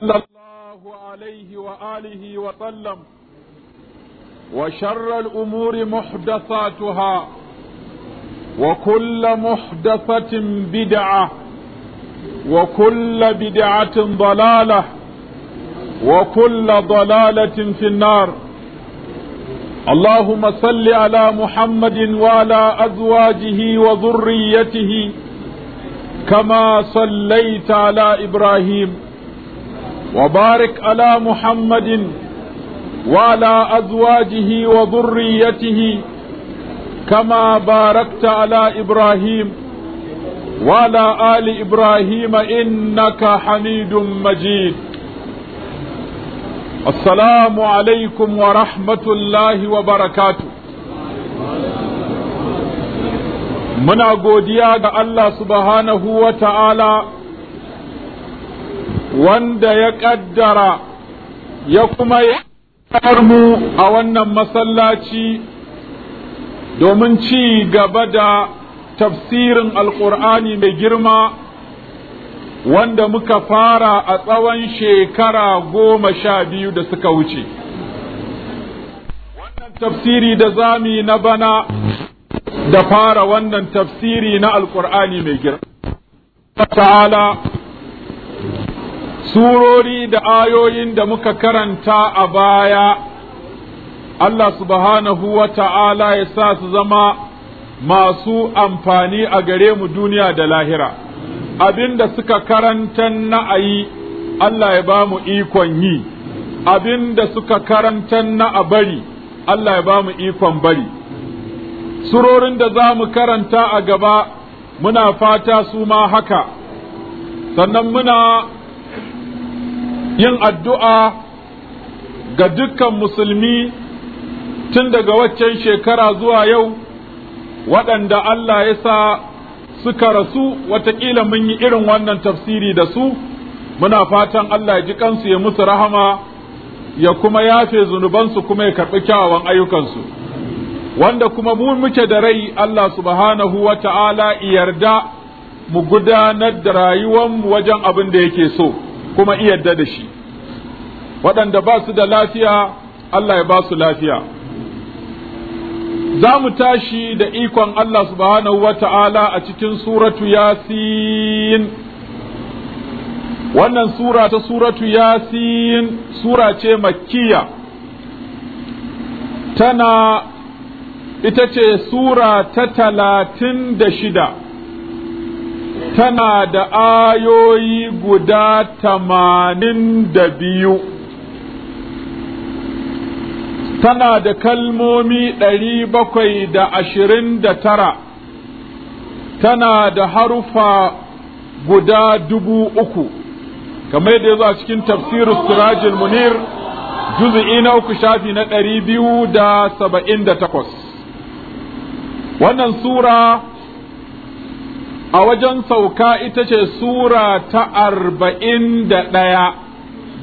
صلى الله عليه وآله وسلم وشر الأمور محدثاتها وكل محدثة بدعة وكل بدعة ضلالة وكل ضلالة في النار اللهم صل على محمد وعلى أزواجه وذريته كما صليت على إبراهيم وبارك على محمد وعلى أزواجه وذريته كما باركت على إبراهيم وعلى آل إبراهيم إنك حميد مجيد السلام عليكم ورحمة الله وبركاته muna godiya ga Allah subhanahu wa ta'ala wanda ya ƙaddara ya kuma yar mu a wannan masallaci domin ci gaba da tafsirin alƙur'ani mai girma wanda muka fara a tsawon shekara goma sha biyu da suka wuce wannan tafsiri da zami na bana da fara wannan tafsiri na alƙur'ani mai girma ta'ala surori da ayoyin da muka karanta a baya Allah subhanahu wa ta'ala ya sa su zama masu amfani a gare mu duniya da lahira abinda suka karantan na'ayi Allah ya ba mu ikon yi abinda suka karantan na a bari Allah ya ba mu ikon bari surorin da za mu karanta a gaba muna fata su ma haka sannan muna yin addu'a ga dukkan musulmi tun daga waccan shekara zuwa yau waɗanda Allah ya sa suka rasu watakila mun yi irin wannan tafsiri da su muna fatan Allah ya ji kansu ya musu rahama ya kuma yafe zunubansu kuma ya karɓi kyawawan ayyukansu wanda kuma mu muke da rai Allah subhanahu wa ta'ala yarda mu gudanar da rayuwanmu wajen abin da yake so kuma iyadda da shi waɗanda ba su da lafiya Allah ya ba su lafiya za mu tashi da ikon Allah subhanahu wa ta'ala a cikin suratu yasin wannan sura ta suratu yasin sura ce makkiya tana ita ce sura ta talatin da shida tana da ayoyi guda tamanin da biyu tana da kalmomi ɗari bakwai da ashirin da tara tana da harufa guda dubu uku kamar yadda zo a cikin tafsirin sirajin munir juzi'i na uku shafi na ɗari biyu da saba'in da takwas wannan sura a wajen sauka ita ce sura ta arba'in da ɗaya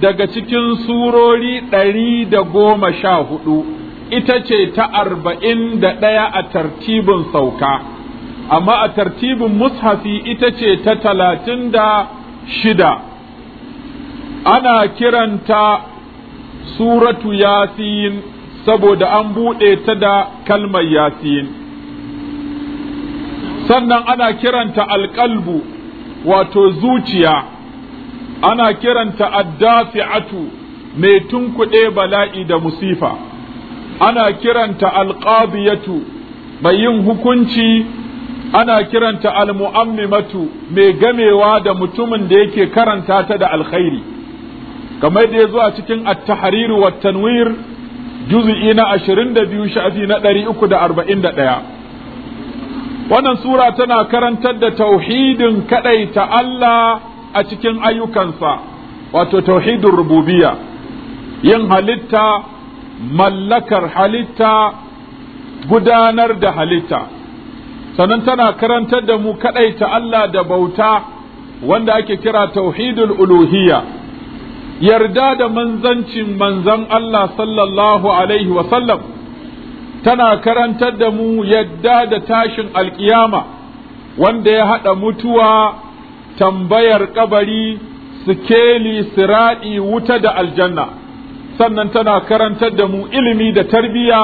daga cikin surori ɗari da goma sha hudu ita ce ta arba'in da ɗaya a tartibin sauka amma a tartibin mushafi ita ce ta talatin da shida ana kiranta suratu yasin saboda an buɗe ta da kalmar yasin sannan ana kiranta alƙalbu wato zuciya ana kiranta addafi'atu mai tunkuɗe bala'i da musifa ana kiranta alƙabiyatu mai yin hukunci ana kiranta almu'ammimatu mai gamewa da mutumin da yake karanta ta da alkhairi kamar da ya zo a cikin at tahriru wat tanwir juz'i na 22 shafi na 341 wannan sura tana karantar da tauhidin ta Allah a cikin ayyukansa wato tauhidin rububiya. yin halitta mallakar halitta gudanar da halitta sannan tana karantar da mu ta Allah da bauta wanda ake kira tauhidul uluhiyya yarda da manzancin manzan Allah sallallahu alaihi wasallam tana karantar da mu yadda da tashin alkiyama wanda ya haɗa mutuwa tambayar kabari sikeli siraɗi wuta da aljanna sannan tana karantar da mu ilimi da tarbiyya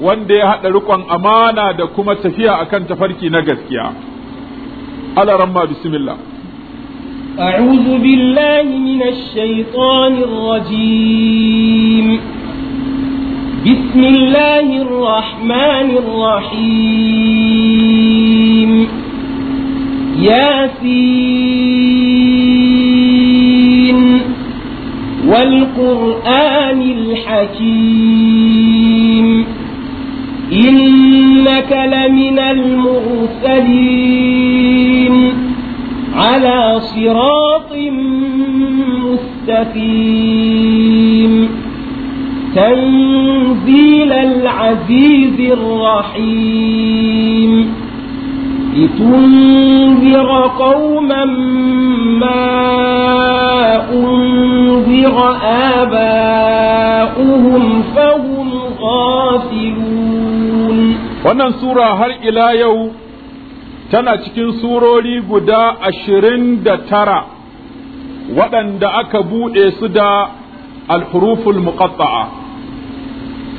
wanda ya haɗa riƙon amana da kuma tafiya akan tafarki na gaskiya alaramma bismillah أعوذ بالله من الشيطان الرجيم بسم الله الرحمن الرحيم ياسين والقرآن الحكيم إنك لمن المرسلين على صراط مستقيم تنزيل العزيز الرحيم لتنذر قوما ما أنذر آباؤهم فهم غافلون wannan sura har ila yau tana cikin surori guda ashirin da tara waɗanda aka buɗe su da alhuruful muƙatta'a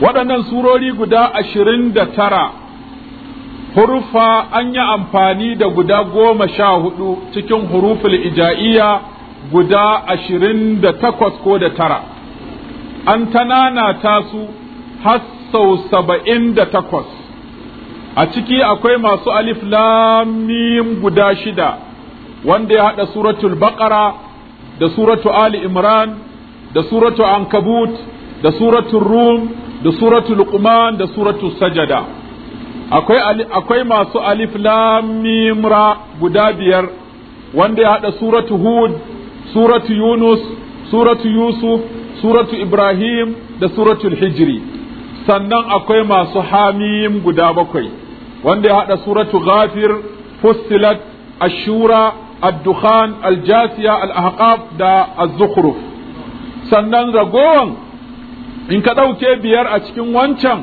waɗannan surori guda ashirin da tara hurufa an yi amfani da guda goma sha hudu cikin huruful ija'iyya guda ashirin da takwas ko da tara an tanana ta su har sau saba'in da takwas a ciki akwai masu alif lamim guda shida wanda ya haɗa suratul baƙara da suratul ali imran da suratul ankabut da suratul rum da suratu luqman da suratu sajada akwai akwai masu alif lam mim ra guda biyar wanda ya hada suratu hud suratu yunus suratu yusuf suratu ibrahim da suratul hijri sannan akwai masu hamim guda bakwai wanda ya hada suratu ghafir fussilat ashura الدخان الجاثية الأحقاب da الزخرف sannan ragowan in ka ɗauke biyar a cikin wancan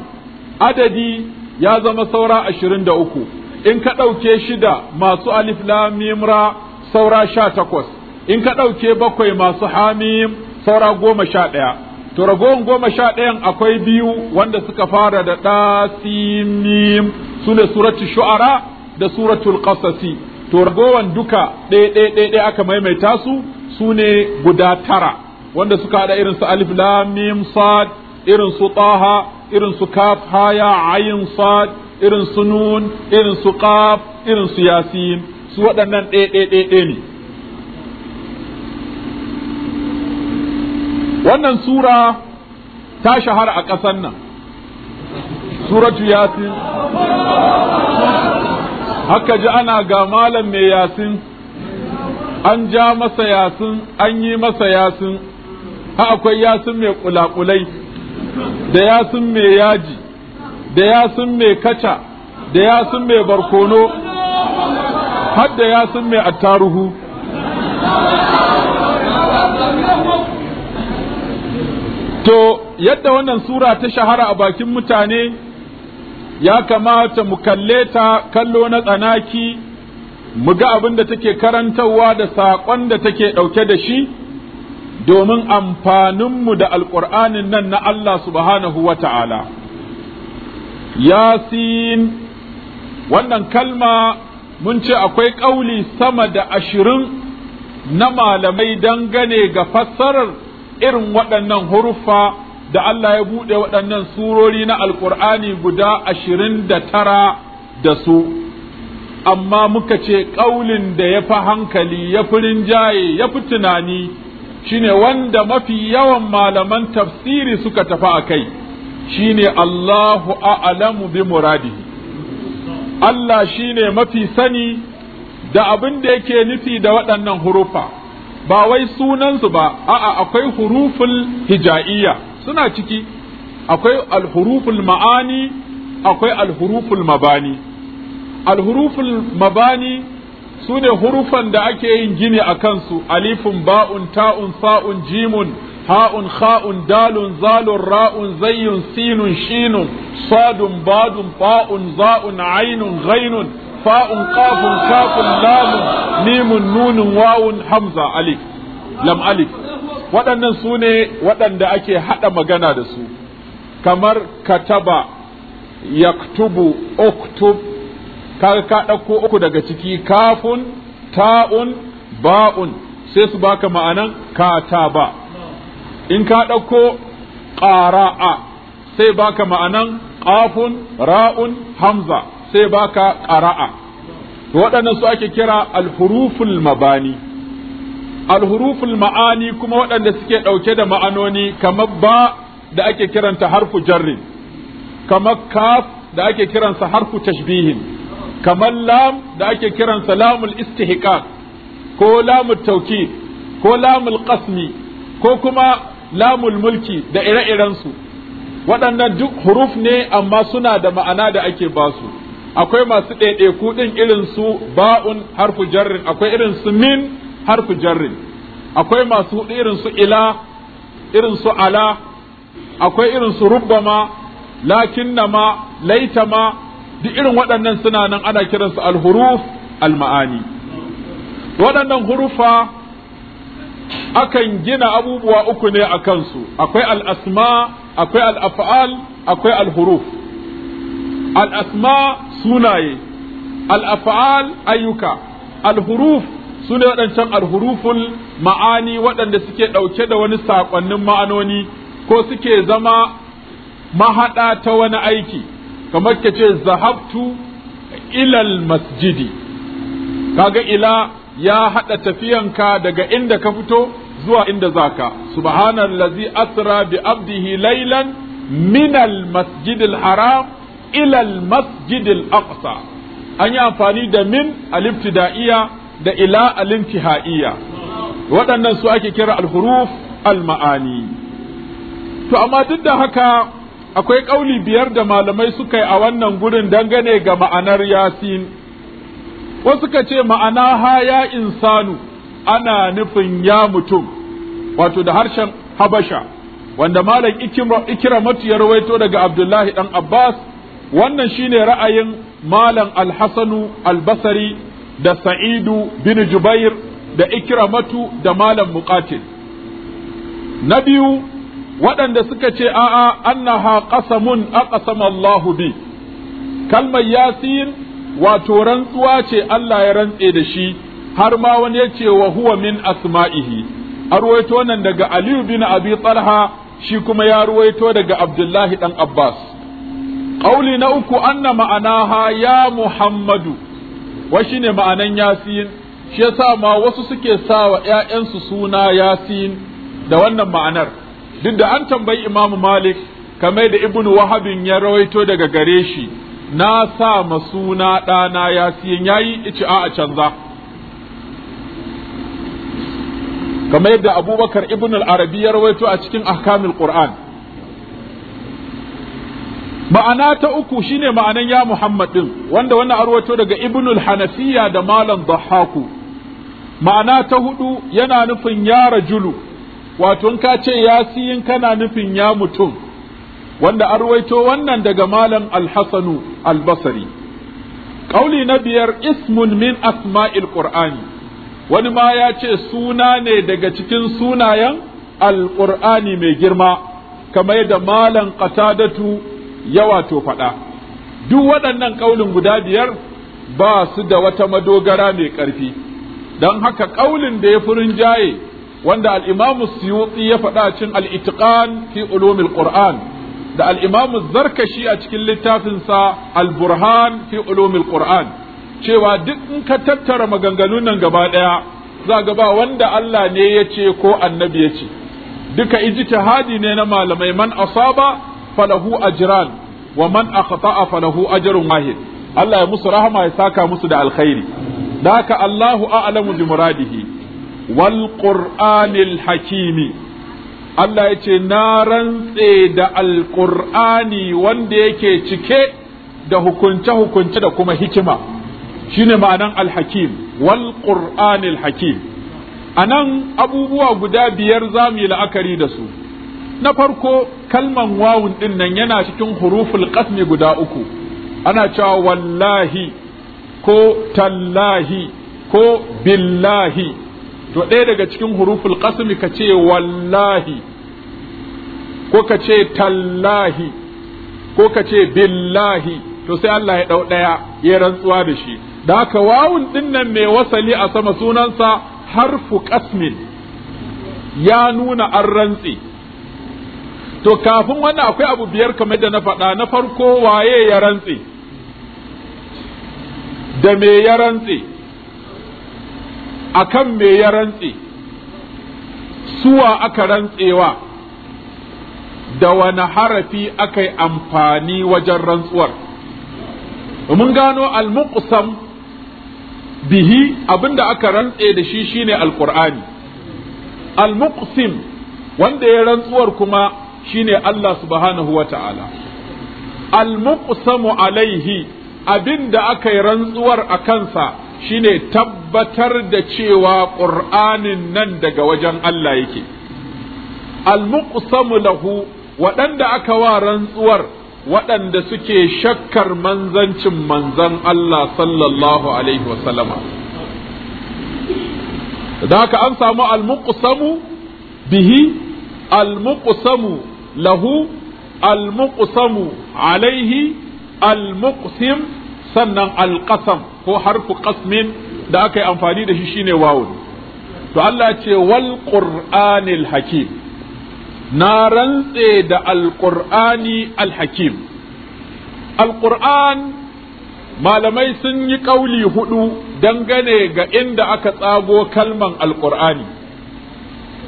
adadi ya zama saura ashirin da uku in ka ɗauke shida masu alif lamimra saura sha takwas in ka ɗauke bakwai masu hamim saura goma sha ɗaya to ragowar goma sha ɗayan akwai biyu wanda suka fara da ɗasimim su ne suratul shu'ara da suratul qasasi to ragowan duka ɗaya ɗaya ɗaya aka maimaita su su ne guda tara wanda suka haɗa irin su alif lam mim sad irin su taha irin su kaf haya ayin sad irin su nun irin su qaf irin su yasin su waɗannan ɗe-ɗe-ɗe-ɗe ne wannan sura ta shahara a ƙasan nan suratu yasin haka ji ana ga malam mai yasin an ja masa yasin an yi masa yasin ha akwai yasun mai kulakulai da yasun mai yaji da yasun mai kaca da yasun mai barkono har da yasun mai attaruhu to yadda wannan sura ta shahara a bakin mutane ya kamata mu kalle ta kallo na tsanaki mu ga abin da take karantarwa da saƙon da take ɗauke da shi domin amfaninmu da alƙur'anin nan na Allah subhanahu wa ta'ala. Yasin, wannan kalma mun ce akwai ƙauli sama da ashirin na malamai dangane ga fassarar irin waɗannan huruffa da Allah ya buɗe waɗannan surori na alƙur'ani guda ashirin da tara da su. Amma muka ce ƙaulin da ya fi hankali, ya fi rinjaye, ya fi tunani. shine wanda mafi yawan malaman tafsiri suka tafi a kai shine Allahu a'lamu bi muradihi Allah shine mafi sani da abin da yake nufi da waɗannan hurufa ba wai sunansu ba a'a akwai huruful hija'iyya suna ciki akwai alhuruful ma'ani akwai alhuruful mabani alhuruful mabani su ne hurufan da ake yin gini a kansu alifun ba'un ta'un sa'un jimun ha'un kha'un dalun zalun ra'un zayyun sinun shinun sadun badun fa'un za'un ainun ghainun fa'un qafun kafun lamun mimun nunun wawun hamza alif lam alif waɗannan su ne waɗanda ake haɗa magana da su kamar kataba yaktubu uktub kaga ka ɗauko uku daga ciki kafun ta'un ba'un sai su baka ma'anan kataba in ka ɗauko kara'a sai baka ma'anan kafun ra'un hamza sai baka kara'a waɗannan su ake kira alhuruful mabani alhuruful ma'ani kuma waɗanda suke ɗauke da ma'anoni kamar ba da ake kiranta harfu jarrin kamar kaf da ake kiransa harfu tashbihin kamar lam da ake kiransa lamul istihqaq ko lamul tauki ko lamul qasmi ko kuma lamul mulki da ire-irensu waɗannan duk huruf ne amma suna da ma'ana da ake ba su. akwai masu ɗaiɗaiku ɗin irin su ba'un harfu jarrin akwai irin su min harfu jarrin akwai masu huɗu irin su ila irin su ala akwai irin su rubbama lakinnama laitama duk irin waɗannan suna nan ana kiransu alhuruf alma'ani waɗannan hurufa akan gina abubuwa uku ne a kansu akwai al'asma akwai al'afa'al akwai alhuruf. Al'asma sunaye al ayyuka alhuruf su ne waɗancan alhuruful ma'ani waɗanda suke ɗauke da wani saƙonnin ma'anoni ko suke zama mahaɗa ta wani aiki kamar ka ce zahabtu ilal masjidi kaga ila ya haɗa tafiyanka daga inda ka fito zuwa inda zaka subhanallazi asra bi abdihi laylan minal masjidil haram ilal masjidin masjidil aqsa an yi amfani da min alibtida'iyya da ila alintihaiya waɗannan su ake kira alhuruf alma'ani. al ma'ani to amma duk da haka akwai ƙauli biyar da malamai suka yi a wannan gurin dangane ga ma'anar yasin wasu ka ce ma'ana haya ya insanu ana nufin ya mutum wato da harshen habasha wanda malam ikiramatu ya rawaito daga abdullahi Ɗan abbas wannan shine ra'ayin malam alhassanu albasari da sa'idu bin jubair da ikiramatu da malam muqatil na biyu waɗanda suka ce a'a annaha qasamun aqsama Allahu bi kalmar yasin wato rantsuwa ce Allah ya rantse da shi har ma wani ya ce wa huwa min asma'ihi arwaito nan daga Ali bin Abi Talha shi kuma ya ruwaito daga Abdullahi dan Abbas qauli na uku anna ma'anaha ya Muhammadu wa shine ma'anan yasin shi yasa ma wasu suke sawa ƴaƴansu suna yasin da wannan ma'anar duk da an tambayi imamu malik kamar da ibn wahabin ya rawaito daga gare shi na sa masuna ɗana ya ya yi ici a canza kamar yadda abubakar ibn al-arabi ya rawaito a cikin ahkamul qur'an ma'ana ta uku shine ma'anan ya muhammad din wanda wannan arwato daga ibn al-hanafiya da malam dhahaku ma'ana ta hudu yana nufin ya rajulu wato in ka ce yasiyin kana nufin ya mutum wanda arwaito wannan daga malam alhassanu albasari ƙauli na biyar ismun min asma'il qur'ani wani ma ya ce suna ne daga cikin sunayen alƙur'ani mai girma kamar yadda malam qatadatu ya wato faɗa duk waɗannan ƙaulin guda biyar ba su da wata madogara mai ƙarfi don haka ƙaulin da ya furin jaye wanda al-Imam ya faɗa cin al fi ulumil Qur'an da al Zarkashi a cikin littafin sa Al-Burhan fi ulumil Qur'an cewa duk in ka tattara maganganun nan gaba ɗaya za ga ba wanda Allah ne ya ce ko annabi ya ce duka ijtihadi ne na malamai man asaba falahu ajran wa man akhta'a falahu ajrun wahid Allah ya musu rahama ya saka musu da alkhairi da haka Allahu a'lamu bi muradihi wal qur'anil hakimi Allah yace na rantse da alƙur'ani wanda yake cike da hukunce-hukunce da kuma hikima shine ma'anan alhakim wal qur'anil hakim a nan abubuwa guda biyar za mu yi la'akari da su na farko kalman wawun ɗin nan yana cikin huruful ƙasmi guda uku ana cewa wallahi ko tallahi ko billahi to ɗaya daga cikin huruful ƙasmi ka ce wallahi ko ka ce tallahi ko ka ce billahi to sai Allah ya ɗau ɗaya ya rantsuwa da shi da haka wawun ɗinnan mai wasali a sama sunansa harfu ƙasmin ya nuna an rantsi to kafin wannan akwai abu biyar kamar da na faɗa na farko waye ya rantsi da me ya rantsi akan me ya rantse suwa aka rantsewa da wani harafi aka amfani wajen rantsuwar mun gano al-muqsam bihi abinda aka rantse da shi shine alqur'ani al-muqsim wanda ya rantsuwar kuma shine Allah subhanahu wa ta'ala al alaihi abinda aka yi rantsuwar a kansa shine tabbatar da cewa ƙur'anin nan daga wajen Allah yake almuqsamu lahu waɗanda aka wa rantsuwar waɗanda suke shakkar manzancin manzan Allah sallallahu alaihi wasallama da haka an samu almuqsamu bihi almuqsamu lahu almuqsamu alaihi almuqsim sannan alqasam ko harfu ƙasmin da aka yi amfani da shi shine wawun to Allah ce wal qur'anil hakim na rantse da alqur'ani alhakim Alƙur'an, malamai sun yi kauli hudu dangane ga inda aka tsago kalman Alƙur'ani.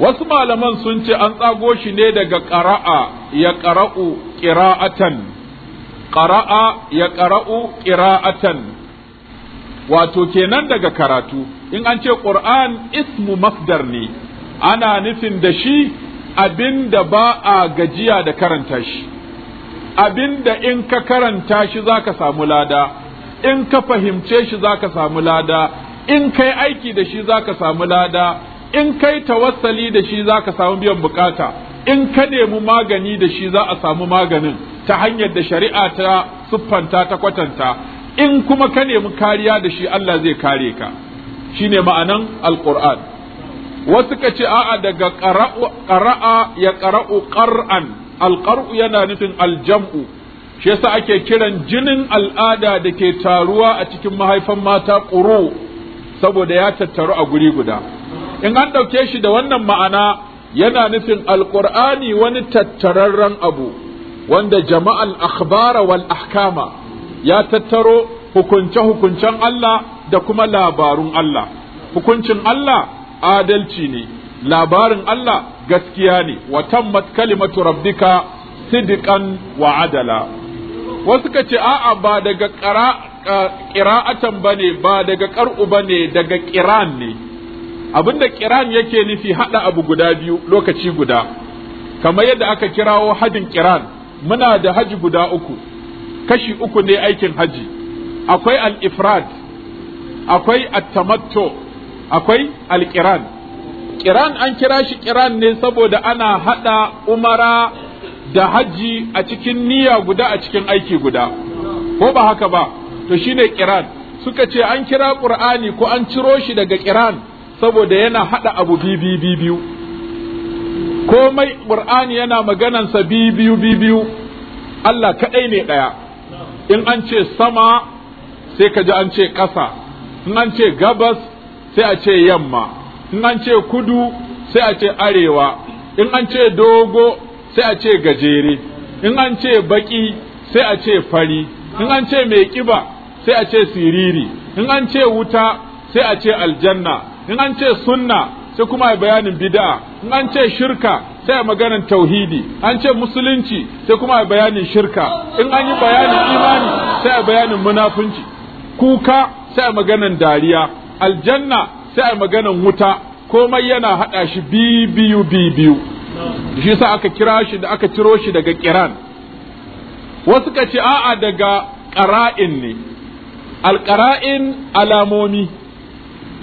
wasu malaman sun ce an tsago shi ne daga qara'a ya ƙara'u ƙira'atan. Ƙara'a ya qara'u qira'atan wato kenan daga karatu in an ce qur'an ismu masdar ne ana nufin da shi abinda ba a gajiya da karanta shi abinda in ka karanta shi zaka samu lada in ka fahimce shi zaka samu lada in kai aiki da shi zaka samu lada in kai tawassali da shi zaka samu biyan bukata in ka nemi magani da shi za a samu maganin ta hanyar da shari'a ta siffanta ta kwatanta in kuma ka nemi kariya da shi Allah zai kare ka shine ma'anan alquran wasu ka ce a'a daga qara'a ya qara'u qar'an alqar'u yana nufin aljam'u shi yasa ake kiran jinin al'ada da ke taruwa a cikin mahaifan mata quru saboda ya tattaru a guri guda in an ɗauke shi da wannan ma'ana yana nufin alƙur'ani wani tattararren abu wanda jama'al akhbara wal ahkama ya tattaro hukunce-hukuncen Allah da kuma labarun Allah hukuncin Allah adalci ne labarin Allah gaskiya ne Watan tammat kalimatu rabbika sidqan wa adala wasu ka ce a'a ba daga ƙira'atan ba ne ba daga ƙar'u ba ne daga ƙiran ne abinda ƙiran yake nufi haɗa abu guda biyu lokaci guda kamar yadda aka kirawo hadin ƙiran muna da haji guda uku kashi uku ne aikin haji akwai al-ifrad akwai at-tamattu akwai al-qiran qiran an kira shi qiran ne saboda ana hada umara da haji a cikin niyya guda a cikin aiki guda ko ba haka ba to shine qiran suka ce an kira qur'ani ko an ciro shi daga qiran saboda yana hada abu biyu biyu biyu komai qur'ani yana maganan sa bi biyu biyu Allah kaɗai ne ɗaya. in an ce sama sai ka an ce ƙasa in an ce gabas sai a ce yamma in an ce kudu sai a ce arewa in an ce dogo sai a ce gajere in an ce baki sai a ce fari in an ce mai kiba sai a ce siriri in an ce wuta sai a ce aljanna in an ce sunna sai kuma ai bayanin bid'a in an ce shirka sai maganan tauhidi an ce musulunci sai kuma ai bayanin shirka in an yi bayanin imani sai ai bayanin munafunci kuka sai maganan dariya aljanna sai maganan wuta komai yana hada shi bibiyu bibiyu shi yasa aka kira shi da aka ciro shi daga kiran wasu ka ce a'a daga qara'in ne alƙara'in alamomi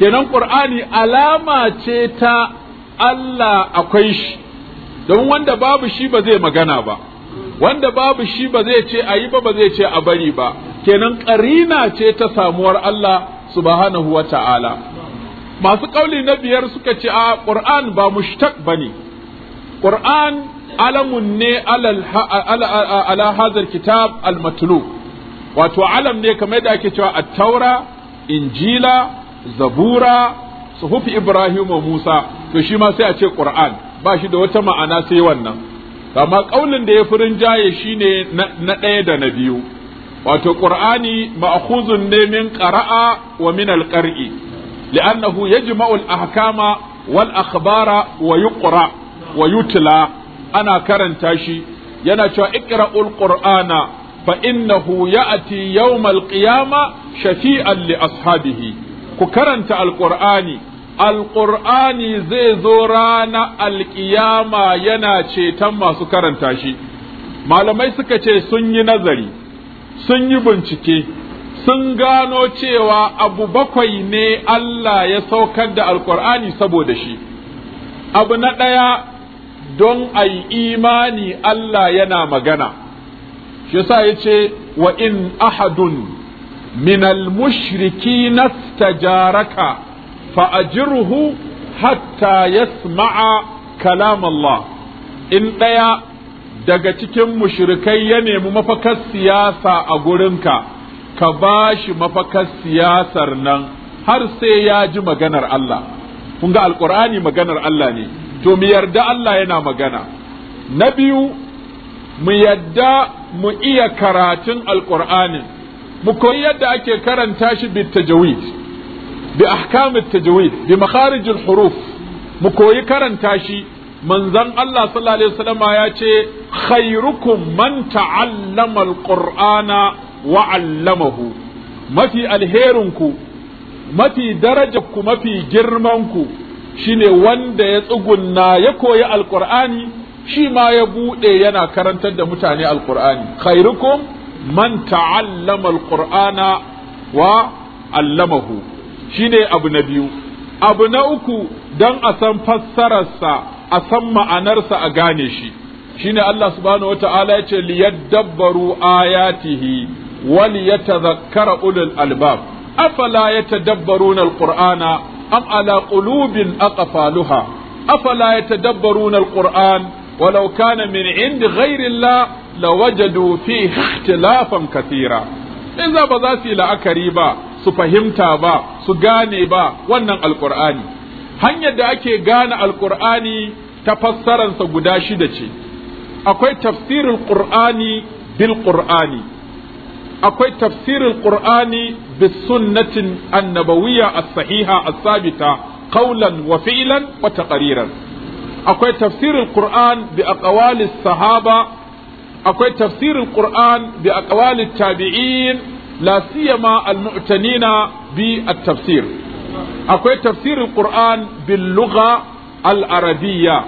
kenan qur'ani alama ce ta Allah akwai shi don wanda babu shi ba zai magana ba wanda babu shi ba zai ce a yi ba ba zai ce a bari ba kenan ƙarina ce ta samuwar Allah subhanahu wa ta'ala masu ƙauli na biyar suka ce a ƙur'an ba mushtaq ba ne ƙur'an alamun ne ala hazar kitab almatulu wato alam ne kamar da ake cewa taura, injila zabura suhufi ibrahim wa musa to shi ma sai a ce qur'an ba shi da wata ma'ana sai wannan amma kaulin da ya fi shi shine na ɗaya da na biyu wato qur'ani ma'khuzun ne min qara'a wa min al-qar'i li'annahu yajma'u al-ahkama wal akhbara wa yuqra wa yutla ana karanta shi yana cewa iqra'ul qur'ana fa innahu ya'ti yawmal qiyama shafi'an li ashabihi ku karanta Alƙur'ani. Alƙur'ani zai zo rana alƙiyama yana ceton masu karanta shi malamai suka ce sun yi nazari sun yi bincike sun gano cewa abu bakwai ne Allah ya saukar da alkur'ani saboda shi abu na ɗaya don a yi imani Allah yana magana shi yasa ya ce wa in ahadun من المشركين استجارك فأجره حتى يسمع كلام الله إن ɗaya daga cikin mushrikai ya nemi mafakar siyasa a gurinka ka ba shi mafakar siyasar nan har sai ya ji maganar Allah kun ga alkur'ani maganar Allah ne to mu yarda Allah yana magana na biyu mu yarda mu iya karatun alkur'anin mu koyi yadda ake karanta shi bi tajawid bi ahkam tajawid bi makharij huruf mu koyi karanta shi manzon Allah sallallahu alaihi wasallama ya ce khairukum man ta'allama alqur'ana wa 'allamahu mafi alherinku mafi darajarku mafi girmanku shine wanda ya tsugunna ya koyi alqur'ani shi ma ya bude yana karantar da mutane alqur'ani khairukum man ta'allama alqur'ana wa allamahu shine abu na biyu abu na uku dan a san fassararsa a san ma'anarsa a gane shi shine Allah subhanahu wata'ala ya ce liyadabbaru ayatihi wa ulul albab afala yatadabbaruna alqur'ana am ala qulubin aqfaluha afala yatadabbaruna alqur'an ولو كان من عند غير الله lawajadu fi ikhtilafan kathira in za ba za su yi la'akari ba su fahimta ba su gane ba wannan alqur'ani hanyar da ake gane alkur'ani ta fassararsa guda shida ce akwai tafsirin qur'ani bil qur'ani akwai tafsirin qur'ani bis sunnatin annabawiyya as-sahiha as-sabita qawlan wa fi'lan wa taqriran akwai tafsirin qur'an bi aqwalis sahaba akwai tafsirin Qur'an bi aqwalit tabi'in la siyama al-mu'tanina bi at-tafsir akwai tafsirin Qur'an bil lugha al-arabiyya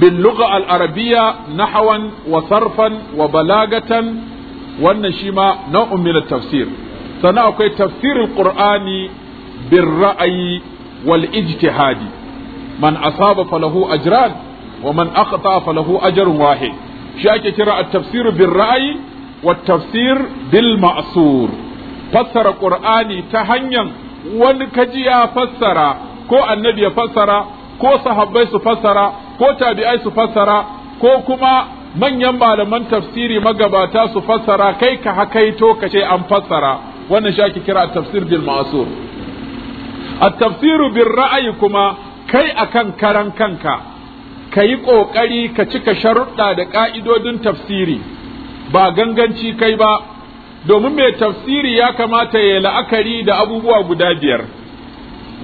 bil lugha al-arabiyya nahwan wa sarfan wa balagatan wannan shi ma nau'un min tafsir sannan akwai tafsirin Qur'ani bil ra'ayi wal ijtihadi man asaba falahu ajran wa man akhta falahu ajrun wahid shi ake kira a tafsir bil ra'ayi wa tafsir bil ma'asur. fassara qur'ani ta hanyar wani kaji ya fassara ko annabi ya fassara ko sahabbai su fassara ko tabi'ai su fassara ko kuma manyan malaman tafsiri magabata su fassara kai ka hakaito ka ce an fassara wannan shi ake kira tafsir bil ma'sur at-tafsir bil ra'ayi kuma kai akan karan kanka ka yi ƙoƙari ka cika sharuɗa da ƙa'idodin tafsiri ba ganganci kai ba domin mai tafsiri ya kamata ya la'akari da abubuwa guda biyar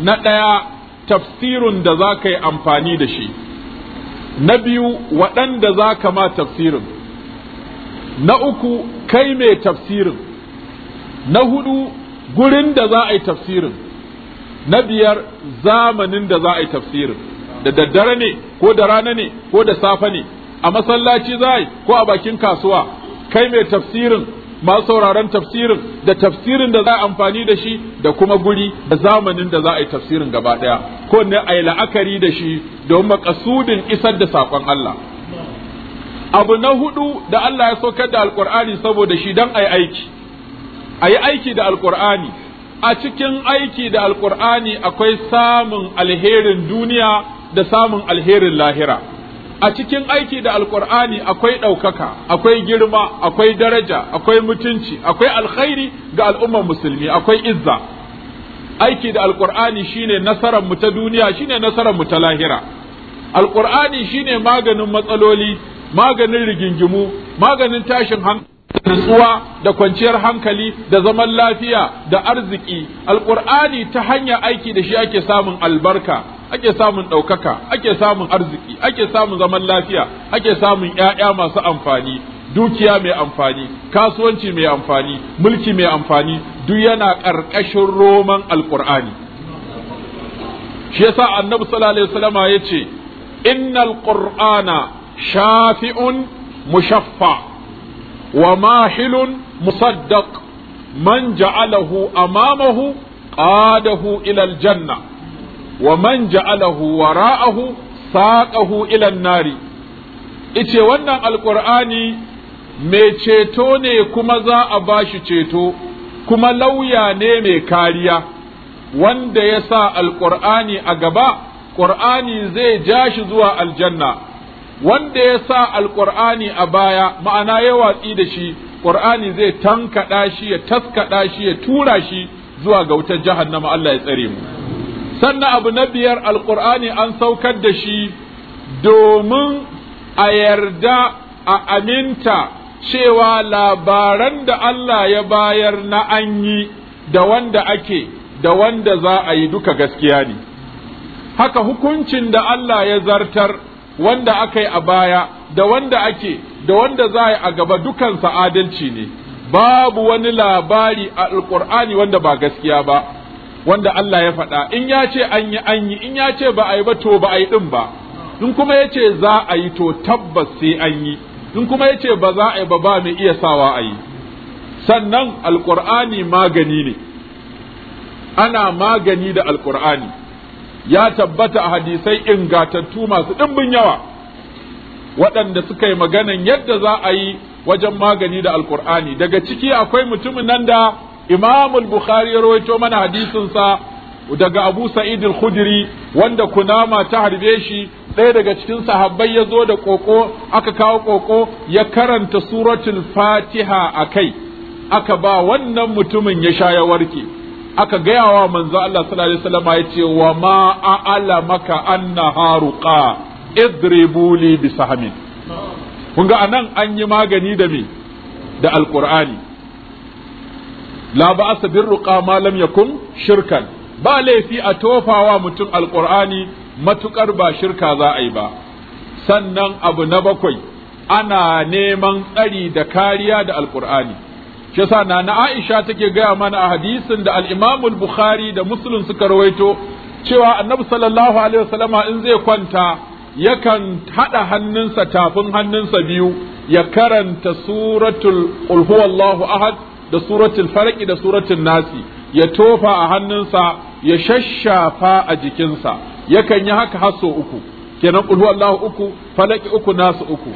na ɗaya tafsirin da za ka yi amfani da shi na biyu waɗanda za ka ma tafsirin na uku kai mai tafsirin na hudu gurin da za a yi tafsirin na biyar zamanin da za a yi tafsirin da daddare ne ko da rana ne ko da safe ne a masallaci za yi ko a bakin kasuwa kai mai tafsirin masu sauraron tafsirin da tafsirin da za a amfani da shi da kuma guri da zamanin da za a yi tafsirin gaba ɗaya ko ne a yi la'akari da shi domin makasudin isar da saƙon Allah abu na hudu da Allah ya saukar da alƙur'ani saboda shi don a yi aiki a yi aiki da alƙur'ani a cikin aiki da alƙur'ani akwai samun alherin duniya da samun alherin lahira a cikin aiki da alkur'ani akwai ɗaukaka akwai girma akwai daraja akwai mutunci akwai alkhairi ga al'ummar musulmi akwai izza aiki da alkur'ani shine nasarar mu ta duniya shine nasarar mu ta lahira alkur'ani shine maganin matsaloli maganin rigingimu maganin tashin hankali nutsuwa da kwanciyar hankali da zaman lafiya da arziki alkur'ani ta hanyar aiki da shi ake samun albarka ake samun ɗaukaka ake samun arziki ake samun zaman lafiya ake samun ‘ya'ya masu amfani dukiya mai amfani kasuwanci mai amfani mulki mai amfani duk yana ƙarƙashin roman alƙur'ani shi yasa annabi sallallahu alaihi ya ce innal qur'ana shafi'un mushaffa wa mahilun musaddaq man ja'alahu amamahu qadahu ila aljanna wa man ja'alahu wara'ahu saqahu ila nari ice wannan alqur'ani mai ceto ne kuma za a ba shi ceto kuma lauya ne mai kariya wanda ya sa alqur'ani a gaba ƙur'ani zai ja shi zuwa aljanna wanda ya sa alqur'ani a baya ma'ana ya watsi da shi ƙur'ani zai tankaɗa shi ya taskaɗa shi ya tura shi zuwa ga wutar jahannama Allah ya tsare mu sannan abu na biyar alkur'ani an saukar da shi domin a yarda a aminta cewa labaran da Allah ya bayar na an yi da wanda ake da wanda za a yi duka gaskiya ne haka hukuncin da Allah ya zartar wanda aka yi a baya da wanda ake da wanda za a yi a gaba dukansa adalci ne babu wani labari a alkur'ani wanda ba gaskiya ba wanda Allah ya faɗa in ya ce an yi an yi in ya ce ba a yi ba to ba a yi ɗin ba in kuma ya ce za a yi to tabbas sai an yi in kuma ya ce ba za a yi ba ba mai iya sawa a yi sannan alƙur'ani magani ne ana magani da alƙur'ani ya tabbata a hadisai ingatattu masu ɗimbin yawa waɗanda suka yi maganan yadda za a yi wajen magani da alƙur'ani daga ciki akwai mutumin nan da امام البخاري bukhari ya rawaito mana hadisin sa daga Abu Sa'id كناما wanda kunama ta harbe shi ɗaya daga cikin sahabbai ya zo da ƙoƙo aka kawo ƙoƙo, ya karanta suratul Fatiha a kai aka ba wannan mutumin ya sha ya warke aka gaya wa manzo Allah sallallahu alaihi wasallam ya ce wa ma a'lamaka annaha ruqa idribu li bisahmin kun ga anan an yi magani da me da alqur'ani la bin birruqa ma lam yakun shirkan ba laifi a tofawa mutum alqur'ani matuƙar ba shirka za a yi ba sannan abu na bakwai ana neman tsari da kariya da alqur'ani shi yasa na Aisha take gaya mana a hadisin da al-Imam bukhari da Muslim suka rawaito cewa Annabi sallallahu alaihi wasallama in zai kwanta yakan haɗa hannunsa tafin hannunsa biyu ya karanta suratul qul ahad da suratul farqi da suratul nasi ya tofa a hannunsa ya shashafa a jikinsa yakan yi haka haso uku kenan qul Allahu uku falaki uku nasu uku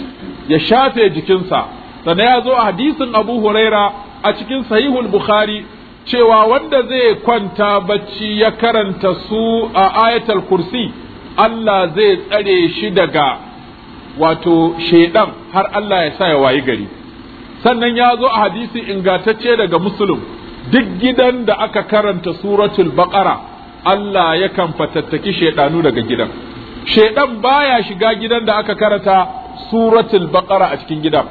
ya shafe jikinsa sannan ya zo a hadisin Abu Huraira a cikin sahihul Bukhari cewa wanda zai kwanta bacci ya karanta su a ayatul kursi Allah zai tsare shi daga wato shaidan har Allah ya sa ya wayi gari sannan ya zo a hadisi ingantacce daga muslim duk gidan da aka karanta suratul baqara Allah ya kan fatattaki shaidanu daga gidan shaidan baya shiga gidan da aka karanta suratul baqara a cikin gidan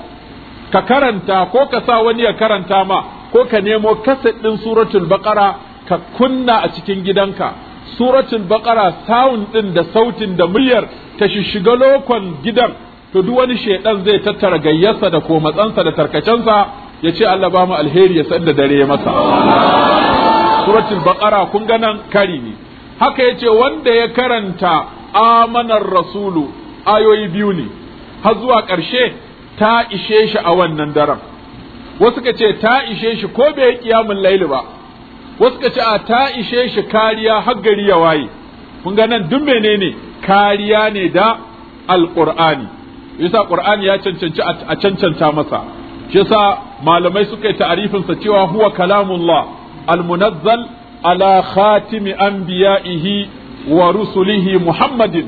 ka karanta ko ka sa wani ya karanta ma ko ka nemo kaset din suratul baqara ka kunna a cikin gidanka suratul baqara sound din da sautin da muryar ta shishiga lokon gidan to duk wani shedan zai tattara gayyarsa da komatsansa da tarkacensa ya ce Allah ba mu alheri ya san da dare masa suratul baqara kun ga nan kari ne haka yace wanda ya karanta amanar rasulu ayoyi biyu ne har zuwa karshe ta ishe shi a wannan daren wasu ka ce ta ishe shi ko bai kiyamun laili ba wasu ka ce a ta ishe shi kariya har gari ya waye kun ga nan duk menene kariya ne da alqur'ani yasa qur'ani ya cancanci a cancanta masa shi yasa malamai suka yi ta'arifin sa cewa huwa kalamullah almunazzal ala khatimi anbiya'ihi wa rusulihi muhammadin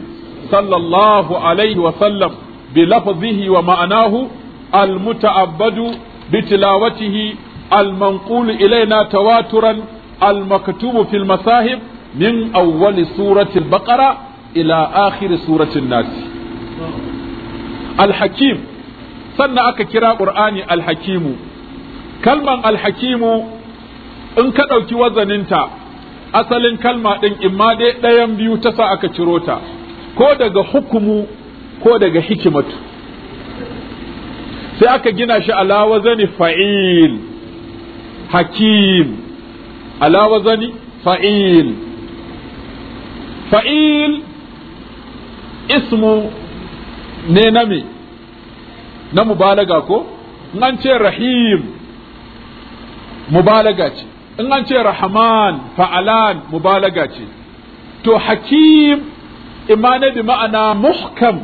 sallallahu alaihi wa sallam bi lafzihi wa ma'anahu المتعبد بتلاوته المنقول إلينا تواترا المكتوب في المصاحف من أول سورة البقرة إلى آخر سورة الناس alhakim sannan aka kira ƙur'ani alhakimu kalman alhakimu in ka ɗauki wazaninta asalin kalma ɗin imma dai ɗayan biyu ta sa aka ciro ta ko daga hukumu ko daga hikimatu sai aka gina shi ala wazani fa'il hakim fa'il fa'il ismu ne na me na mubalaga ko in an ce rahim mubalaga ce in an ce rahman fa'alan mubalaga ce to hakim imane bi ma'ana muhkam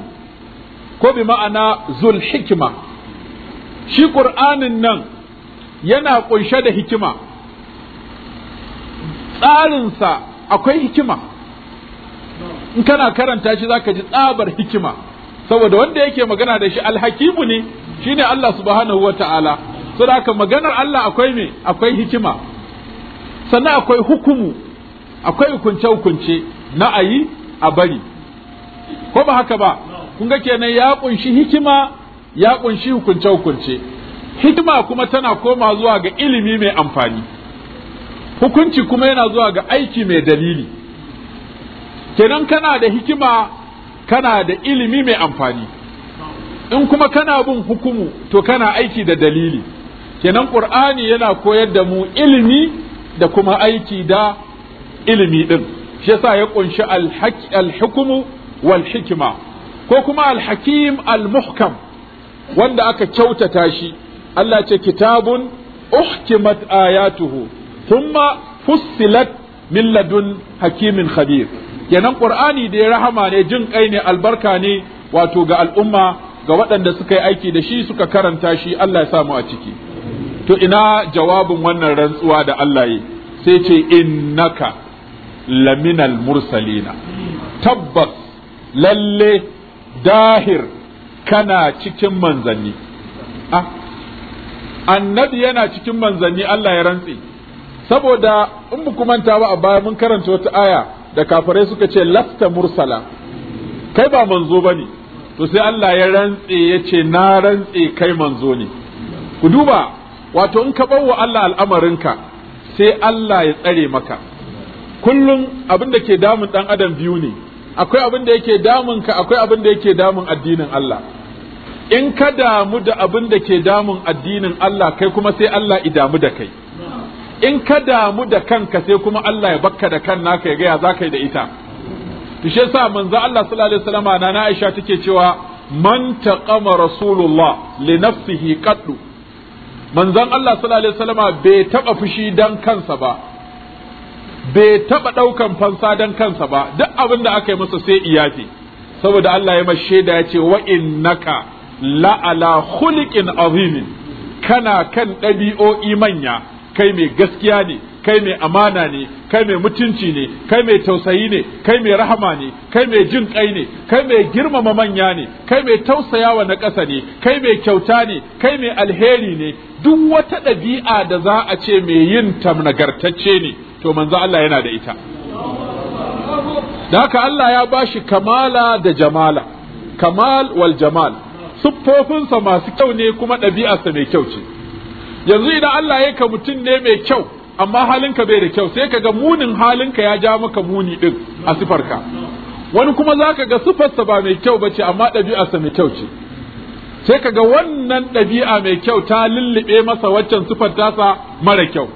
ko bi ma'ana zul hikima shi ƙur'anin nan yana ƙunshe da hikima tsarinsa akwai hikima in kana karanta shi za ka ji tsabar hikima saboda wanda yake magana da shi alhakimu ne shine Allah subhanahu wataala saboda haka maganar Allah akwai me akwai hikima sannan akwai hukumu akwai hukunce hukunce na ayi a bari ko ba haka ba kun ga kenan ya kunshi hikima ya kunshi hukunce hukunce hikima kuma tana koma zuwa ga ilimi mai amfani hukunci kuma yana zuwa ga aiki mai dalili kenan kana da hikima kana da ilimi mai amfani in kuma kana bin hukumu to kana aiki da dalili kenan qur'ani yana koyar da mu ilimi da kuma aiki da ilimi din shi yasa ya kunshi al-hukmu wal hikma ko kuma al-hakim al-muhkam wanda aka kyautata shi Allah ce kitabun uhkimat ayatuhu thumma fussilat min ladun hakimin khabir kenan qur'ani da ya rahama ne jin kai ne albarka ne wato ga al'umma ga waɗanda suka yi aiki da shi suka karanta shi Allah ya samu a ciki to ina jawabin wannan rantsuwa da Allah yi sai ce innaka laminal mursalina tabbas lalle dahir kana cikin manzanni ah annabi yana cikin manzanni Allah ya rantse. saboda in mu manta ba a baya mun karanta wata aya da kafirai suka ce lasta mursala kai ba manzo ba ne to sai Allah ya rantse ya ce na rantse kai manzo ne ku duba wato in ka wa Allah al'amarinka sai Allah ya tsare maka kullum abin da ke damun dan adam biyu ne akwai abin da yake damun ka akwai abin da yake damun addinin Allah in ka damu da abin da ke damun addinin Allah kai kuma sai Allah i damu da kai in ka damu da kanka sai kuma Allah ya bakka da kan naka ya gaya za ka yi da ita to shi yasa manzo Allah sallallahu alaihi wasallama na Aisha take cewa man taqama rasulullah li nafsihi qaddu manzon Allah sallallahu alaihi wasallama bai taba fushi dan kansa ba bai taba daukan fansa dan kansa ba duk abin da aka yi masa sai iyafi saboda Allah ya mai shaida ya ce wa innaka la ala khuliqin azimin kana kan ɗabi'o'i manya kai mai gaskiya ne kai mai amana ne kai mai mutunci ne kai mai tausayi ne kai mai rahama ne kai mai jin kai ne kai mai girmama manya ne kai mai tausayawa na ƙasa ne kai mai kyauta ne kai mai alheri ne duk wata ɗabi'a da za a ce mai yin ta nagartacce ne to manzo Allah yana da ita da haka Allah ya bashi kamala da jamala kamal wal jamal siffofinsa masu kyau ne kuma ɗabi'arsa mai kyau ce yanzu idan Allah ya ka mutum ne mai kyau amma halinka bai da kyau sai ka ga munin halinka ya ja maka muni din a sifarka wani kuma za ka ga sifarsa ba mai kyau ba ce amma ɗabi'arsa mai kyau ce sai ka ga wannan ɗabi'a mai kyau ta lullube masa waccan sifar tasa mara kyau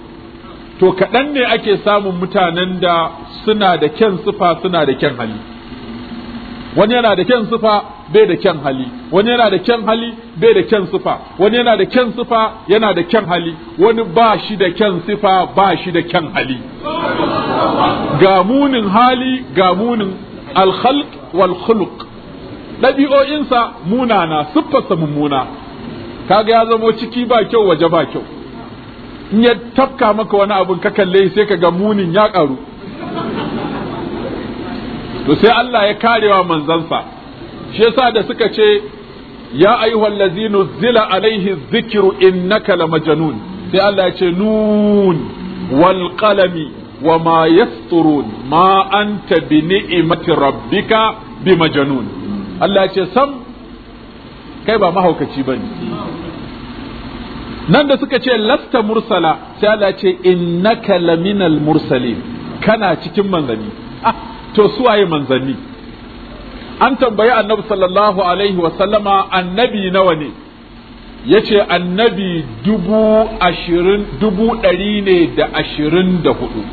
to kaɗan ne ake samun mutanen da suna da kyan sifa suna da kyan hali wani yana da kyan sifa bai da kyan hali wani yana da kyan hali bai da kyan sifa wani yana da kyan sifa yana da kyan hali wani ba shi da kyan sifa ba shi da kyan hali ga munin hali ga munin alkhalq wal khuluq ɗabi'o'insa munana siffarsa mummuna kaga ya zamo ciki ba kyau waje ba kyau in ya tafka maka wani abin ka kalle sai ka ga munin ya ƙaru to sai Allah ya karewa manzansa shi yasa da suka ce ya ayyuhal ladzi nuzila alaihi dhikru innaka la majnun sai Allah ya ce nun wal qalami wa ma yasturun ma anta bi ni'mati rabbika bi majnun Allah ya ce sam kai ba mahaukaci bane nan da suka ce lasta mursala sai Allah ce innaka laminal mursalin kana cikin manzanni ah to suwaye manzanni an tambayi annabi sallallahu alaihi wasallama annabi nawa ne ya ce annabi dubu ashirin dubu ɗari ne da ashirin da hudu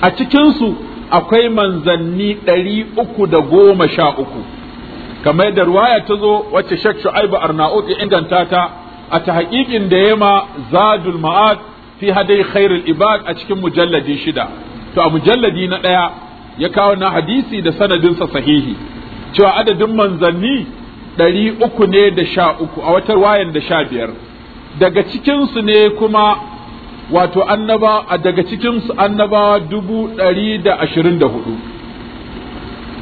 a cikinsu akwai manzanni ɗari uku da goma sha uku kamar da ruwaya ta zo wacce shek shu'aibu arnaut ya inganta ta a ta da yema zadul ma'ad fi hadai khairul ibad a cikin mujalladi shida to a mujalladi na ɗaya ya kawo na hadisi da sanadinsa sahihi cewa adadin manzanni ɗari uku ne da sha uku a wata wayan da sha biyar daga cikinsu ne kuma wato annaba daga cikinsu annabawa dubu ɗari da ashirin da hudu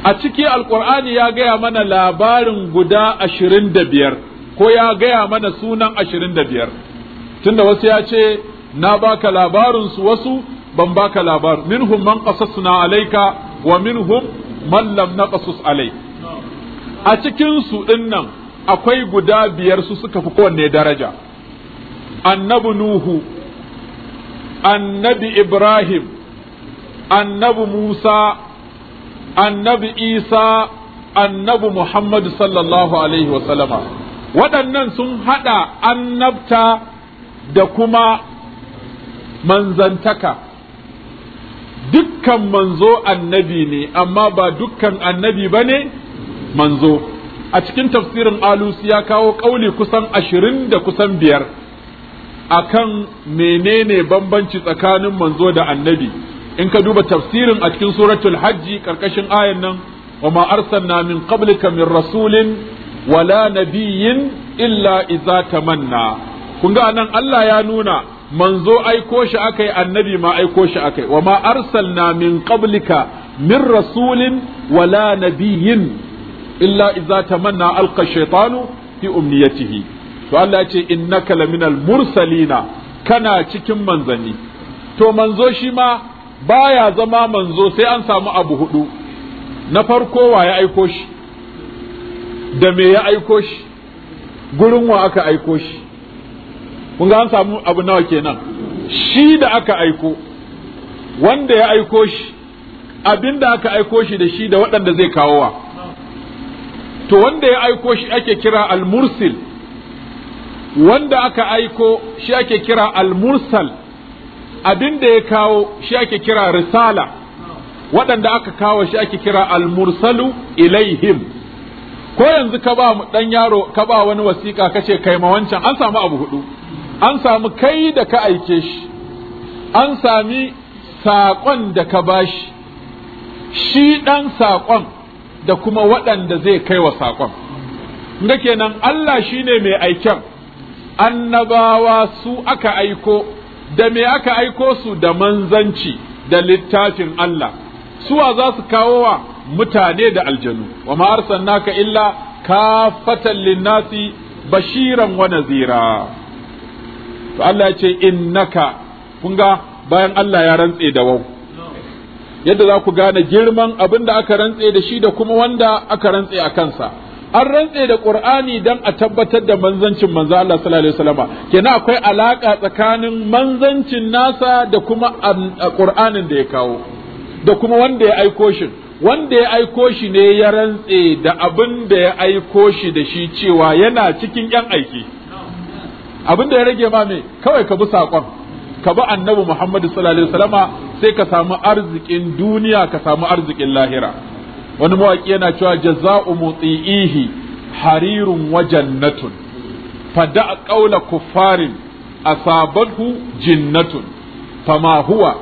a ciki alkur'ani ya gaya mana labarin guda ashirin da biyar ko ya gaya mana sunan ashirin da biyar tunda wasu ya ce na baka labarinsu wasu ban baka labarin minhum man qasasna alayka wa minhum mallam lam naqasus alayka a cikin su dinnan akwai guda biyar su suka fi kowanne daraja annabi nuhu annabi ibrahim annabi musa annabi isa annabi Muhammadu sallallahu alaihi wasallama waɗannan sun haɗa annabta da kuma manzantaka dukkan manzo annabi ne amma ba dukkan annabi ba ne manzo a cikin tafsirin alusi ya kawo ƙauli kusan ashirin da kusan biyar A kan menene bambanci tsakanin manzo da annabi in ka duba tafsirin a cikin suratul hajji ƙarƙashin ayan nan وما أرسلنا min قبلك من رسول ولا نبي illa إذا تمنى kun ga nan Allah ya nuna manzo aiko shi akai annabi ma aiko shi akai wa ma arsalna min qablika min rasulin wala nabiyyin illa idza tamanna alqa shaytanu fi umniyatihi to Allah ya ce innaka laminal mursalina kana cikin manzanni to manzo shi ma baya zama manzo sai an samu abu hudu na farko wa ya aiko shi da me ya aiko shi gurin wa aka aiko shi kun ga an samu abu nawa kenan shi da aka aiko wanda ya aiko shi abin da aka aiko shi da shi da waɗanda zai kawo wa to wanda ya aiko shi ake kira al-mursil wanda aka aiko shi ake kira al-mursal abin da ya kawo shi ake kira risala waɗanda aka kawo shi ake kira al-mursalu ilaihim ko yanzu ka ba mu dan yaro ka ba wani wasiƙa kace kai ma wancan an samu abu hudu an samu kai da ka aike shi an sami saƙon da ka bashi shi ɗan saƙon da kuma waɗanda zai kai wa saƙon Nga kenan Allah shi ne mai aiken annabawa su aka aiko da mai aka aiko su da manzanci da littafin Allah suwa za su kawo wa mutane da aljanu wa ma naka illa kafatan linnasi bashiran wa nazira to Allah ya ce innaka Kunga bayan Allah ya rantse da wau yadda za ku gane girman abin da aka rantse da shi da kuma wanda aka rantse a kansa an rantse da qur'ani dan a tabbatar da manzancin manzo Allah sallallahu alaihi wasallama kenan akwai alaka tsakanin manzancin nasa da kuma qur'anin da ya kawo da kuma wanda ya aiko shi wanda ya aiko shi ne ya rantse da abin da ya aiko shi da shi cewa yana cikin yan aiki abin da ya rage ma me kawai ka bi saƙon ka bi annabi Muhammad sallallahu alaihi wasallama sai ka samu arzikin duniya ka samu arzikin lahira wani mawaƙi yana cewa jaza'u mutsi'ihi harirun wa jannatun fada ƙaula kuffarin asabathu jinnatun fama huwa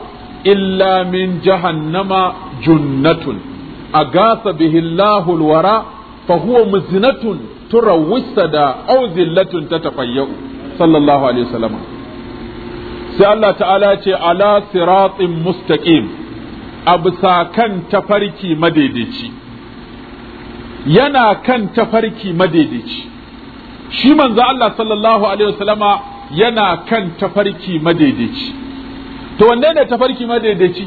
illa min jahannama junnatun agasa gasa Allahul wara fa huwa muzinatun turawwis da aw ta tatafayyu sallallahu alaihi wasallam sai Allah ta'ala ce ala siratin mustaqim a bisa kan tafarki madaidaici yana kan tafarki madaidaici shi manzo Allah sallallahu alaihi wasallama yana kan tafarki madaidaici to wanne ne tafarki madaidaici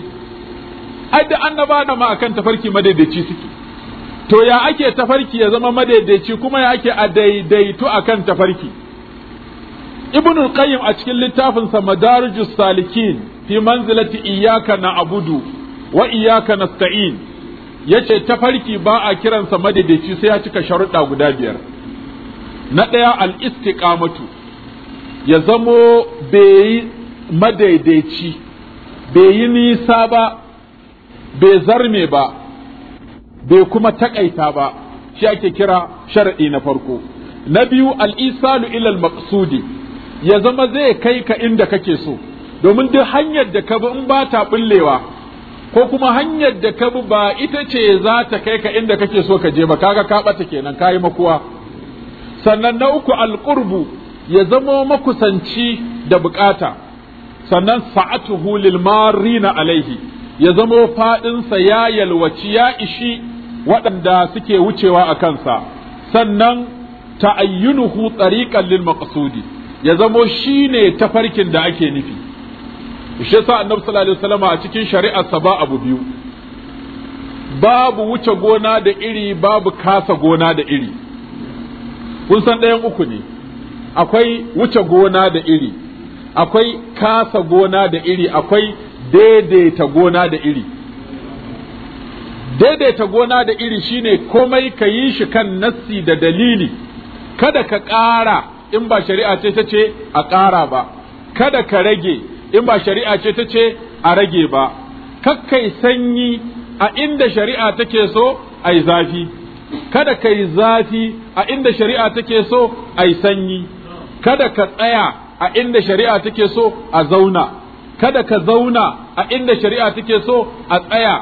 ai da annaba da ma akan tafarki madaidaici suke to ya ake tafarki ya zama madaidaici kuma ya ake a daidaito akan tafarki ibnul qayyim a cikin littafinsa madarijus salikin Fimanzilati iyaka na Abudu wa iyyaka nasta'in yace tafarki ba a kiransa madaidaici sai ya cika sharuɗa guda biyar na ɗaya al-istiqamatu ya zamo bai madaidaici bai yi nisa ba bai zarme ba bai kuma takaita ba shi ake kira shar'i na farko na biyu al-isalu ila ya zama zai kai ka inda kake so domin duk hanyar da ka bi in ba ta bullewa ko kuma hanyar da ka bi ba ita ce za ta kai ka inda kake so ka je ba kaga ka bata kenan kayi makuwa sannan na uku alqurbu ya zama makusanci da bukata sannan sa'atuhu lil marina alaihi ya zama fadinsa ya yalwaci ya ishi waɗanda suke wucewa a kansa sannan ta'ayyunuhu tariqan lil maqsudi ya zamo shi ne tafarkin da ake nufi shi yasa annabi sallallahu alaihi wasallam a cikin shari'ar sa ba abu biyu babu wuce gona da iri babu kasa gona da iri kun san ɗayan uku ne akwai wuce gona da iri akwai kasa gona da iri akwai daidaita gona da iri daidaita gona da iri shine komai ka yi shi kan nassi da dalili kada ka ƙara in ba shari'a ce ta ce a ƙara ba kada ka rage in ba shari'a ce ta ce a rage ba kakkai sanyi a inda shari'a take so a yi zafi kada ka yi zafi a inda shari'a take so a yi sanyi kada ka tsaya a inda shari'a take so a zauna kada ka zauna a inda shari'a take so a tsaya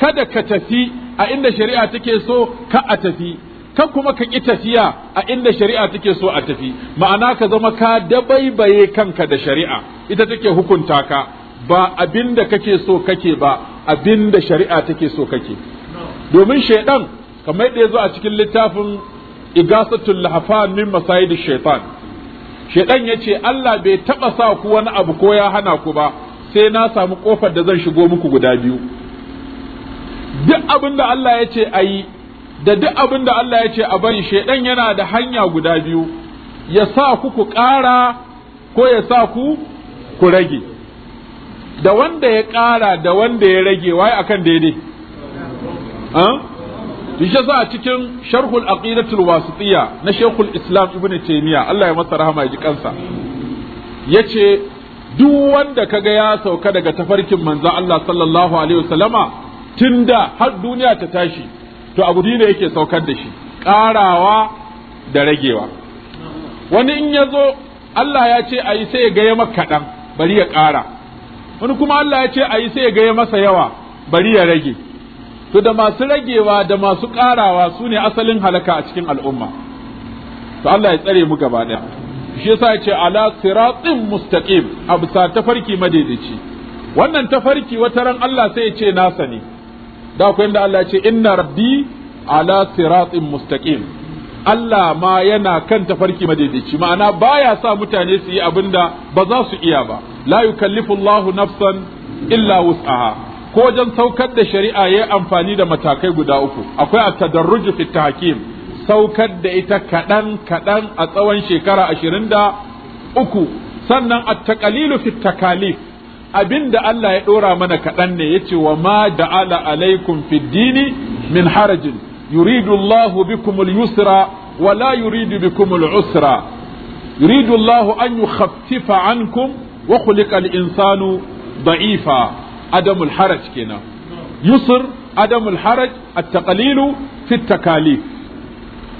kada ka tafi a inda shari'a take so ka a tafi kan kuma ka ƙi tafiya a inda shari'a take so a tafi ma'ana ka zama ka dabaibaye kanka da shari'a ita take hukunta ka ba abinda kake so kake ba abinda shari'a take so kake domin shaidan kamar da ya zo a cikin littafin igasatul lahafan min masayid shaitan shaidan ya ce Allah bai taɓa sa ku wani abu ko ya hana ku ba sai na samu ƙofar da zan shigo muku guda biyu duk abin da Allah ya ce a yi da duk abin da Allah ya ce a bari shaidan yana da hanya guda biyu ya sa ku ku ƙara ko ya sa ku ku rage da wanda ya ƙara da wanda ya rage waye akan daidai to shi a cikin sharhul aqidatul wasitiyya na shekul islam ibnu taymiya Allah ya masa rahama ya ji kansa yace duk wanda kaga ya sauka daga tafarkin manzo Allah sallallahu alaihi wasallama tunda har duniya ta tashi to abu din ne yake saukar da shi Karawa da ragewa wani in ya zo Allah ya ce a yi sai ya gaya maka kaɗan bari ya ƙara wani kuma Allah ya ce a sai ya gaya masa yawa bari ya rage to da masu ragewa da masu ƙarawa sune asalin halaka a cikin al'umma to Allah ya tsare mu gaba ɗaya shi yasa ya ce ala siratin mustaqim a bisa tafarki madaidaici wannan tafarki wata ran Allah sai ya ce nasa ne da akwai inda Allah ya ce inna rabbi ala siratin mustaqim Allah ma yana kan tafarki madaidaici ma'ana baya sa mutane su yi abin da ba za su iya ba la yukallifu Allahu nafsan illa wus'aha ko wajen saukar da shari'a ya amfani da matakai guda uku akwai at-tadarruju fi tahkim saukar da ita kaɗan kaɗan a tsawon shekara ashirin da uku sannan at-taqalilu fi takalif abin da Allah ya ɗora mana kaɗan ne ya ce wa ma da ala alaikum fid dini min harajin yuridu Allahu bikum al-yusra wa la yuridu bikum al-usra yuridu Allahu an yukhaffifa ankum wa khuliqa al-insanu da'ifa adamul haraj kenan yusr adamul haraj at-taqlilu fi at-takalif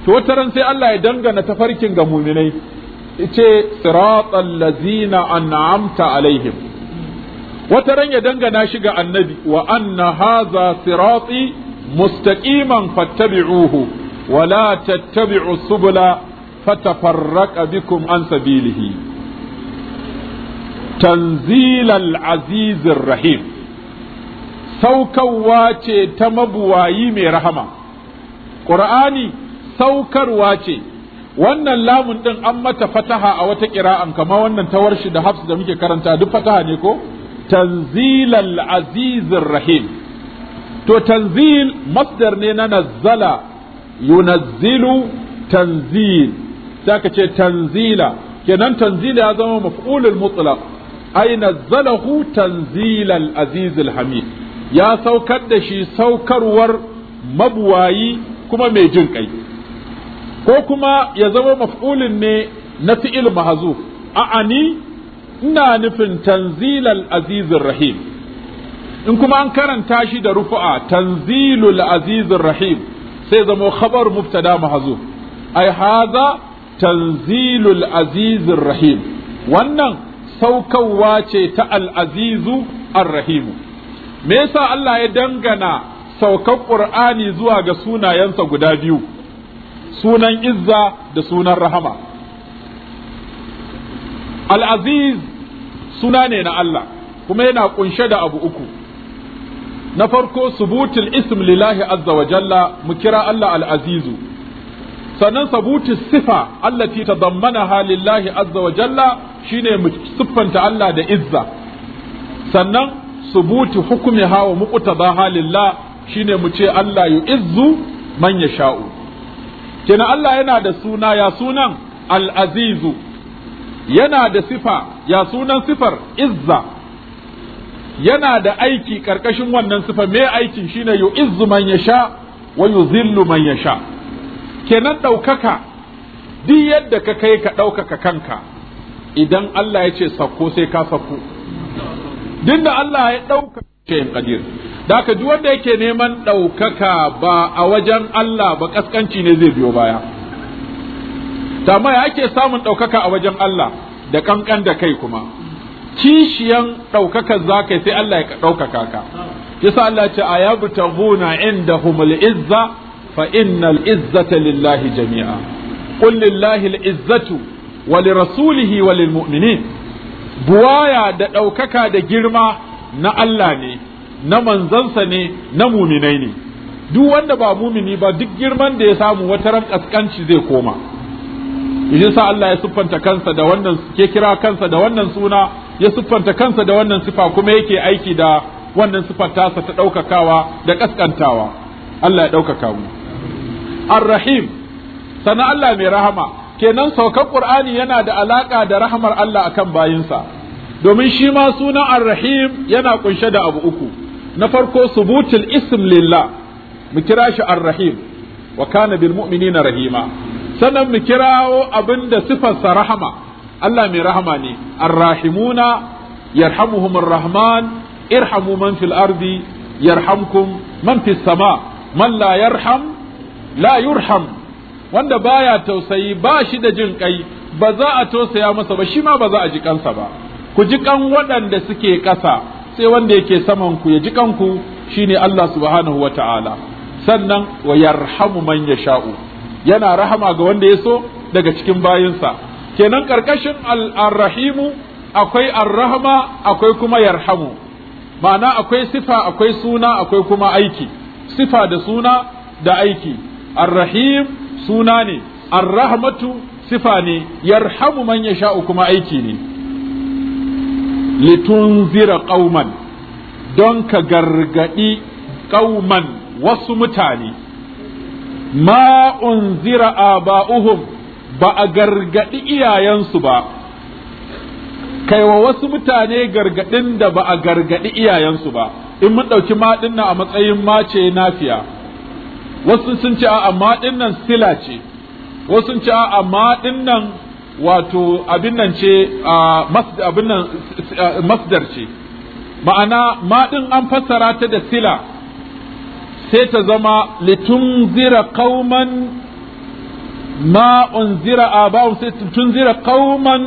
to wataran sai Allah ya dangana tafarkin ga muminai ce siratal ladzina an'amta alaihim wata ran ya dangana shi ga annabi wa anna haza sirati mustaqiman fattabi'uhu tattabi'u subula fatafarraqa bikum an tanzilal azizir rahim saukarwa ce ta mabuwayi mai rahama ƙur'ani saukarwa ce wannan lamun ɗin an mata fataha a wata ƙira'an kama wannan ta warshi da hafs da muke karanta duk fataha ne ko tanzilal azizir rahim to tanzil masdar ne na nazzala yunazzilu tanzil sai ka ce tanzila kenan tanzila ya zama maf'ulul mutlaq ai nazzalahu tanzilal azizil hamid ya saukar da shi saukarwar mabuwayi kuma mai jinƙai? ko kuma ya zama maf'ulin ne na fi'il A'a ni. ina nufin tanzilal azizir rahim in kuma an karanta shi da rufu'a tanzilul azizir rahim sai zamo khabar mubtada mahzu ai haza tanzilul azizir rahim wannan saukawa ce ta al-azizu ar-rahimu me yasa Allah ya dangana saukar Qur'ani zuwa ga sunayensa guda biyu sunan izza da sunan rahama al-aziz suna ne na Allah kuma yana kunshe da abu uku na farko subutul ism lillahi azza wa jalla mu kira Allah al-azizu sannan sabutul sifa allati tadammanaha lillahi azza wa jalla shine mu siffanta Allah da izza sannan subutu hukumiha wa muqtadaha lillah shine mu ce Allah yu'izzu man yasha'u kenan Allah yana da suna ya sunan al-azizu yana da sifa ya sunan sifar izza yana da aiki ƙarƙashin wannan sifa mai aikin shine izzu man yasha wa yuzillu man yasha kenan ɗaukaka duk yadda ka kai ka ɗaukaka kanka idan Allah ya ce sakko sai ka sakko duk da Allah ya ɗauka shayin daka da ka ji wanda yake neman ɗaukaka ba a wajen Allah ba ƙasƙanci ne zai biyo baya amma ya ake samun ɗaukaka a wajen Allah da ƙanƙan da kai kuma kishiyan ɗaukakar za kai sai Allah ya ɗaukaka ka yasa Allah ce a yabu taguna inda humul izza fa innal izzata lillahi jami'a qul lillahi al-izzatu wa li rasulihi wa lil mu'minin buwaya da ɗaukaka da girma na Allah ne na manzansa ne na muminai ne duk wanda ba mumini ba duk girman da ya samu wata ran kaskanci zai koma idan sa Allah ya siffanta kansa da wannan ke kira kansa da wannan suna ya siffanta kansa da wannan sifa kuma yake aiki da wannan sifar tasa ta ɗaukakawa da ƙasƙantawa Allah ya ɗaukaka mu ar-rahim sana Allah mai rahama kenan saukar Qur'ani yana da alaƙa da rahamar Allah akan bayinsa domin shi ma sunan ar-rahim yana kunshe da abu uku na farko subutul ism lillah mu kira shi ar-rahim wa kana bil mu'minina rahima sannan mu kirawo abin da sifarsa rahama Allah mai rahama ne arrahimuna yarhamuhumur rahman irhamu man fil ardi yarhamkum man fis sama man la yarham la yurham wanda baya tausayi ba shi da jin kai ba za a tausaya masa ba shi ma ba za a ji kansa ba ku ji kan waɗanda suke ƙasa sai wanda yake saman ku ya ji kanku shine Allah subhanahu wata'ala sannan wa yarhamu man yasha'u yana rahama ga wanda ya so daga cikin bayinsa kenan ƙarƙashin al’arrahimu akwai arrahma. akwai kuma yarhamu ma'ana akwai sifa akwai suna akwai kuma aiki sifa da suna da aiki Arrahim suna ne Arrahamatu sifa ne yarhamu man sha'u kuma aiki ne litunzira ƙauman. don ka gargaɗi ƙauman wasu mutane ma unzira aba'uhum ba a gargaɗi iyayensu ba kaiwa wasu mutane gargaɗin da ba a gargaɗi iyayensu ba in mun ɗauki maɗin a matsayin mace nafiya wasu sun ce a maɗin nan sila ce wasu sun ce a maɗin nan wato ce abin nan masdar ce ma'ana maɗin an fassara ta da sila sai ta zama litunzira qauman ma unzira aba'uhum sai tunzira qauman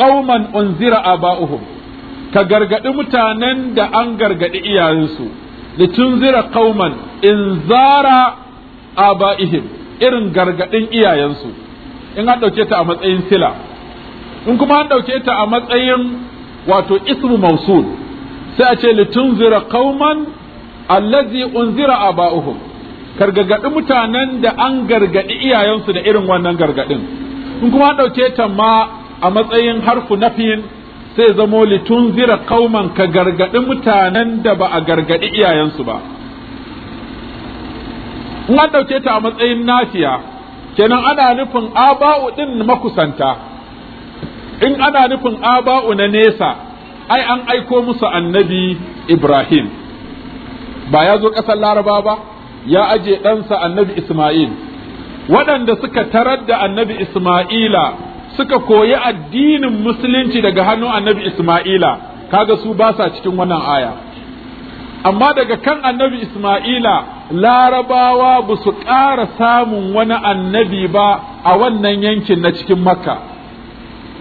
qauman unzira aba'uhum ka gargadi mutanen da an gargadi iyayensu in qauman a aba'ihim irin gargadin iyayensu in an dauke ta a matsayin sila in kuma an dauke ta a matsayin wato ismu mausul sai a ce litunzira qauman allazi unzira aba'uhum kargagadi mutanen da an gargadi iyayensu da irin wannan gargadin in kuma an ɗauke ta ma a matsayin harfu nafiyin sai zamo litunzira kauman ka gargadi mutanen da ba a gargadi iyayensu ba in an ɗauke ta a matsayin nafiya kenan ana nufin aba'u ɗin makusanta in ana nufin aba'u na nesa ai an aiko musu annabi ibrahim ba ya zo ƙasar laraba ba ya aje ɗansa annabi isma'il waɗanda suka tarar da annabi isma'ila suka koyi addinin musulunci daga hannu annabi isma'ila kaga su ba sa cikin wannan aya amma daga kan annabi isma'ila larabawa ba su ƙara samun wani annabi ba a wannan yankin na cikin makka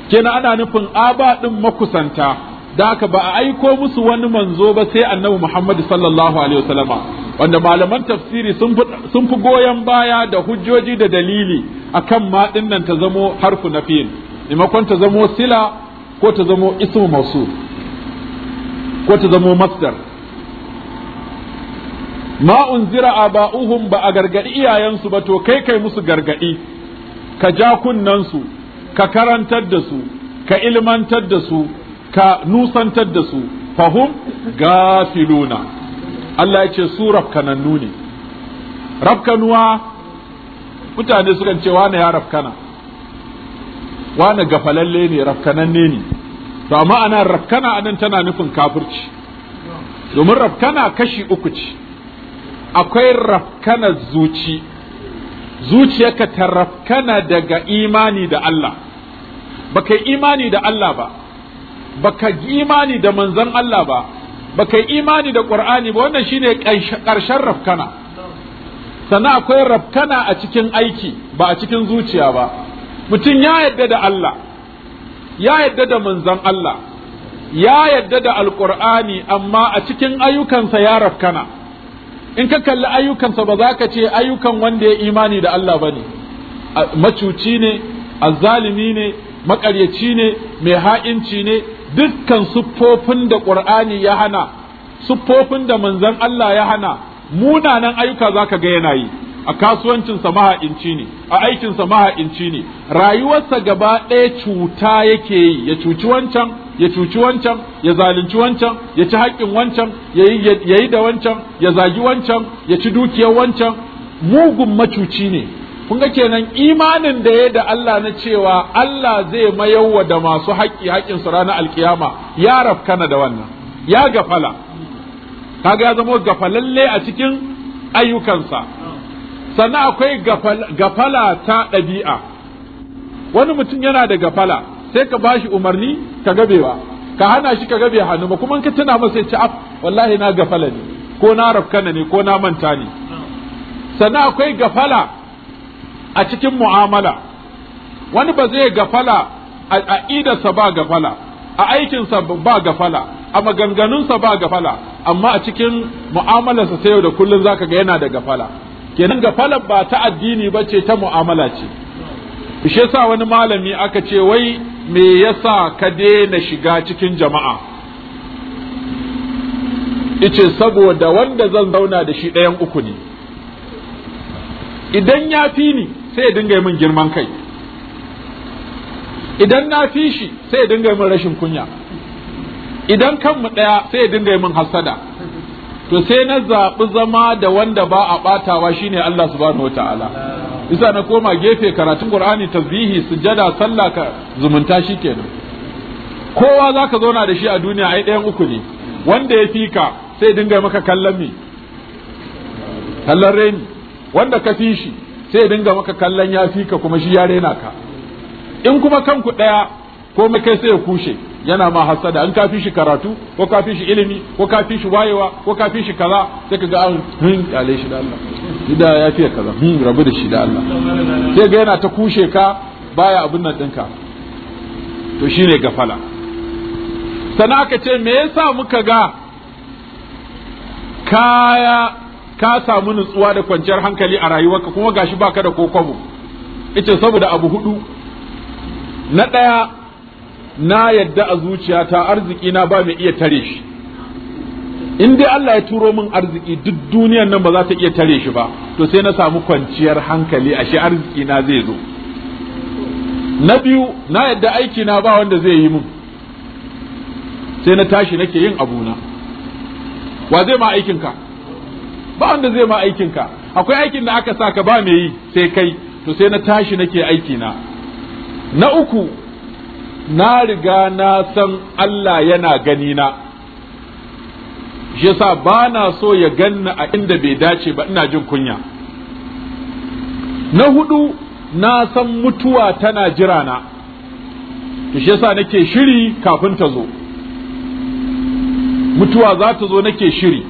kenan ana nufin aba ɗin makusanta da haka ba a aiko musu wani manzo ba sai annabi Muhammad sallallahu alaihi wasallama wanda malaman tafsiri sun fi goyon baya da hujjoji da dalili akan ma dinnan ta zamo harfu na nafiyin maimakon ta zamo sila ko ta zamo ismu ko ta zamo masdar ma unzira aba'uhum ba a gargaɗi iyayensu ba to kai kai musu gargaɗi, ka ja kunnansu ka karantar da su ka ilmantar da su ka nusantar da su fahum gafiluna Allah ya ce su rafkanannu ne rafkanuwa mutane sukan ce wane ya rafkana wane gafalalle ne rafkananne ne to amma ana rafkana anan tana nufin kafirci domin rafkana kashi uku ce akwai rafkana zuci zuciyarka ta rafkana daga imani da Allah ba kai imani da Allah ba baka imani da manzon Allah ba baka imani da Qur'ani ba wannan shine ƙarshen rafkana sannan akwai rafkana a cikin aiki ba a cikin zuciya ba mutum ya yadda da Allah ya yadda da manzon Allah ya yadda da alƙur'ani amma a cikin ayyukansa ya rafkana in ka kalli ayyukansa ba za ka ce ayyukan wanda ya imani da Allah ba ne macuci ne azzalimi ne maƙaryaci ne mai ha'inci ne dukkan siffofin da ƙur'ani ya hana siffofin da manzon Allah ya hana munanan ayyuka zaka ga yana yi a kasuwancinsa maha'inci ne a aikinsa maha'inci ne rayuwarsa gaba ɗaya cuta yake yi ya cuci wancan ya cuci wancan ya zalunci wancan ya ci haƙƙin wancan ya yi da wancan ya zagi wancan ya ci dukiyar wancan mugun macuci ne kun ga kenan imanin da ya da Allah na cewa Allah zai mayawwa da masu haƙƙi haƙƙin su ranar alkiyama ya rafkana da wannan ya gafala kaga ya zama gafalalle a cikin ayyukansa sannan akwai gafala ta ɗabi'a wani mutum yana da gafala sai ka bashi umarni ka gabewa ka hana shi ka gabe hannu ba kuma ka tuna masa ya ce af wallahi na gafala ne ko na rafkana ne ko na manta ne sannan akwai gafala a cikin mu'amala wani ba zai gafala a idarsa ba gafala a aikinsa ba gafala a maganganunsa ba gafala amma a cikin mu'amalarsa sai yau da kullum zaka ga yana da gafala kenan gafalar ba ta addini ba ce ta mu'amala ce ishe sa wani malami aka ce wai me yasa ka daina shiga cikin jama'a ice saboda wanda zan zauna da shi ɗayan uku ne idan ya fi ni sai ya dinga min girman kai idan na fi shi sai ya dinga min rashin kunya idan kanmu ɗaya sai ya dinga min hasada. to sai na zaɓi zama da wanda ba a ɓatawa shine Allah subhanahu wataala isa na koma gefe karatun qur'ani tasbihi sujada sallah ka zumunta shi kenan kowa zaka zauna da shi a duniya ai ɗayan uku ne wanda ya fi ka sai dinga maka kallon me kallon reni wanda ka fi shi sai dinga maka kallon ya fi ka kuma shi ya rena ka in kuma kanku ɗaya ko kai sai ya kushe yana ma hasada in ka shi karatu ko ka shi ilimi ko ka shi wayewa ko ka shi kaza sai ka ga an hin kyale shi da Allah da ya fi kaza hin rabu da shi da Allah sai ga yana ta kushe ka baya abin nan ɗinka to shine gafala sana aka ce me yasa muka ga kaya ka samu nutsuwa da kwanciyar hankali a rayuwarka kuma gashi baka da kokobo ita saboda abu hudu na ɗaya na yadda a zuciyata arziki na ba mai iya tare shi in dai Allah ya turo min arziki duk duniyar nan ba za ta iya tare shi ba to sai na samu kwanciyar hankali ashe arziki na zai zo na biyu na yadda aiki na ba wanda zai yi min sai na tashi nake yin abuna wa zai ma aikinka ba wanda zai ma aikin ka akwai aikin da aka sa ka ba me yi sai kai to sai na tashi nake aiki na na uku na riga na san Allah yana gani na yasa ba na so ya ganna a inda bai dace ba ina jin kunya na hudu na san mutuwa tana jira na to shi yasa nake shiri kafin ta zo mutuwa za ta zo nake shiri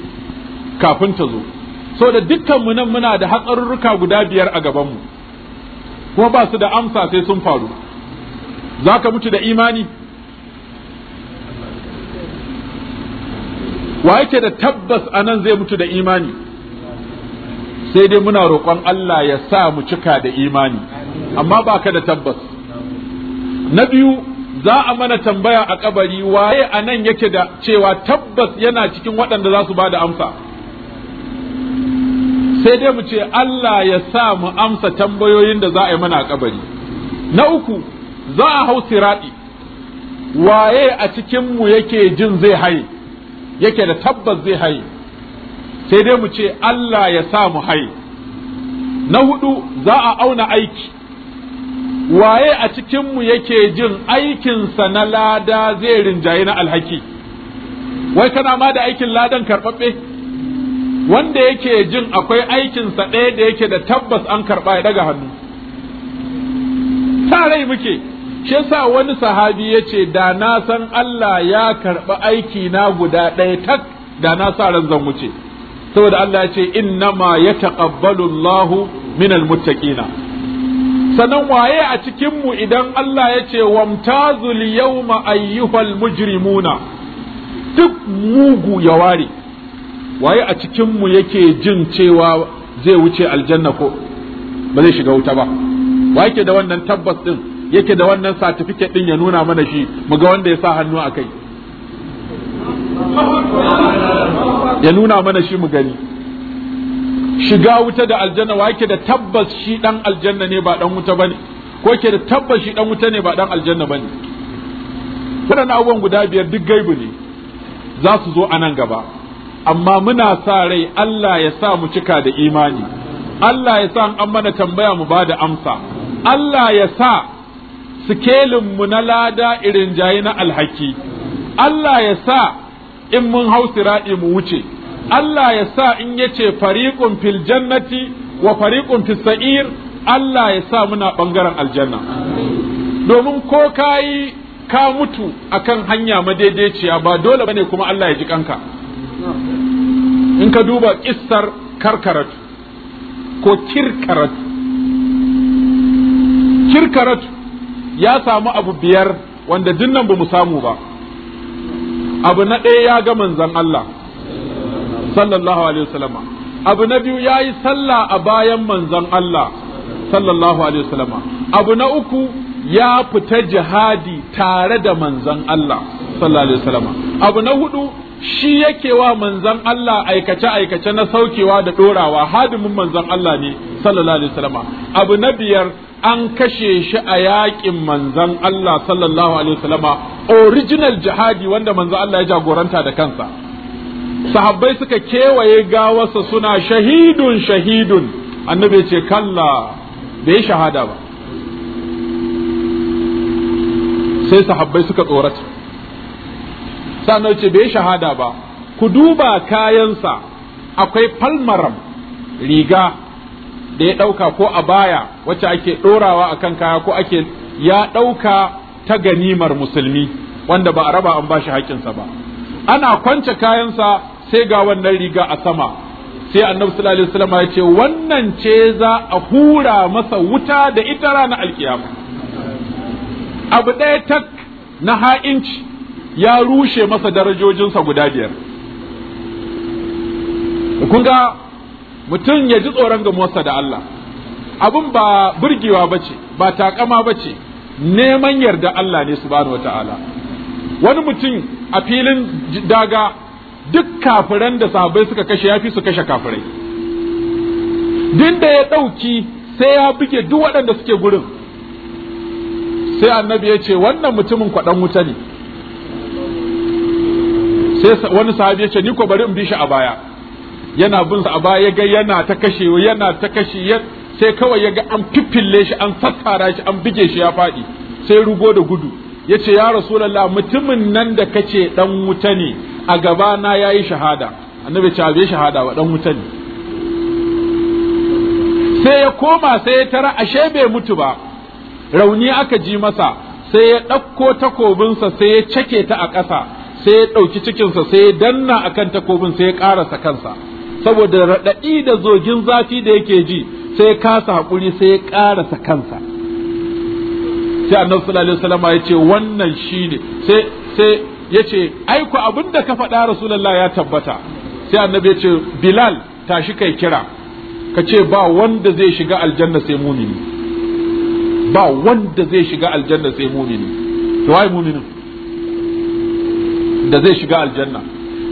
kafin ta zo so da dukkan mu nan muna da hatsarurruka guda biyar a gaban mu kuma ba su da amsa sai sun faru zaka mutu da imani wa yake da tabbas anan zai mutu da imani sai dai muna roƙon Allah ya sa mu cika da imani amma ba ka da tabbas na biyu za a mana tambaya a kabari waye anan yake da cewa tabbas yana cikin waɗanda za su ba da amsa sai dai mu ce Allah ya sa mu amsa tambayoyin da za a yi mana a kabari na uku za a hau siraɗi waye a cikinmu yake jin zai haye yake da tabbas zai haye sai dai mu ce Allah ya sa mu haye na hudu za a auna aiki waye a cikinmu yake jin aikinsa na lada zai rinjaye na alhaki wai kana ma da aikin ladan karɓaɓɓe wanda yake jin akwai aikinsa ɗaya da yake da tabbas an karɓa ya daga hannu sa rai muke shi yasa wani sahabi ya ce da na san Allah ya karɓi aiki na guda ɗaya tak da na sa ran zan wuce saboda Allah ya ce innama ya taqabbalu Allahu min almuttaqina sanan waye a cikin mu idan Allah yace ce wamtazul yawma ayyuhal mujrimuna duk mugu ya ware waye a cikin mu yake jin cewa zai wuce aljanna ko ba zai shiga wuta ba wa yake da wannan tabbas din yake da wannan certificate din ya nuna mana shi mu ga wanda ya sa hannu a kai ya nuna mana shi mu gani shiga wuta da aljanna wa yake da tabbas shi dan aljanna ne ba dan wuta bane ko yake da tabbas shi dan wuta ne ba dan aljanna bane wannan abubuwan guda biyar duk gaibu ne za su zo a nan gaba amma muna sa rai Allah ya sa mu cika da imani Allah ya sa an mana tambaya mu bada amsa Allah ya sa sikelin mu na lada irin jayi na alhaki Allah ya sa in mun hau siraɗi mu wuce Allah ya sa in yace fariqun fil jannati wa fariƙun fis sa'ir Allah ya sa muna ɓangaren aljanna domin ko kayi ka mutu akan hanya madaidaiciya ba dole bane kuma Allah ya ji kanka in ka duba kissar karkaratu ko kirkaratu kirkaratu ya samu abu biyar wanda dinnan ba mu samu ba abu na ɗaya ya ga manzan Allah sallallahu alaihi wasallam abu na biyu ya yi sallah a bayan manzan Allah sallallahu alaihi wasallam abu na uku ya fita jihadi tare da manzan Allah sallallahu alaihi wasallam abu na hudu shi yake wa manzan Allah aikace aikace na saukewa da ɗorawa, hadimin manzan Allah ne sallallahu alaihi wasallam abu na biyar an kashe shi a yaƙin manzan Allah sallallahu alaihi wasallam original jihadi wanda manzan Allah ya jagoranta da kansa sahabbai suka kewaye gawarsa suna shahidun shahidun annabi ce kalla bai shahada ba sai sahabbai suka tsorata sanar ce bai shahada ba ku duba kayansa akwai falmaram riga da ya ɗauka ko a baya wacce ake ɗorawa a kan kaya ko ake ya ɗauka ta ganimar musulmi wanda ba a raba an bashi haƙƙinsa ba ana kwance kayansa sai ga wannan riga a sama sai annabi sallallahu alaihi wasallam ya ce wannan ce za a hura masa wuta da ita ranar alkiyama abu ɗaya tak na ha'inci ya rushe masa darajojinsa guda biyar kun ga mutum ya ji tsoron gamuwarsa da Allah abin ba burgewa ba ce ba takama ba ce neman yarda Allah ne subhanahu wata'ala wani mutum a filin daga duk kafiran da sahabai suka kashe ya fi su kashe kafirai din da ya ɗauki sai ya buge duk waɗanda suke gurin sai annabi ya ce wannan mutumin kwaɗan wuta ne sai wani sahabi ya ce ni ko bari in bi shi a baya yana bin sa a baya ya ga yana ta kashe yana ta kashe sai kawai ya ga an fiffille shi an sassara shi an bige shi ya faɗi sai rugo da gudu ya ce ya rasulallah mutumin nan da kace dan wuta ne a gaba na yayi shahada annabi ce bai shahada ba dan wuta ne sai ya koma sai ya tara ashe bai mutu ba rauni aka ji masa sai ya ɗauko takobinsa sai ya cake ta a ƙasa sai ya ɗauki cikinsa sai ya danna akan takobin sai ya ƙarasa kansa saboda raɗaɗi da zogin zafi da yake ji sai ya kasa haƙuri sai ya ƙarasa kansa sai annabi sallallahu alaihi wasallam ya ce wannan shine sai sai ya ce aiko abin da ka faɗa rasulullah ya tabbata sai annabi ya ce bilal tashi kai kira ka ce ba wanda zai shiga aljanna sai mumini ba wanda zai shiga aljanna sai mumini to ai muminin da zai shiga aljanna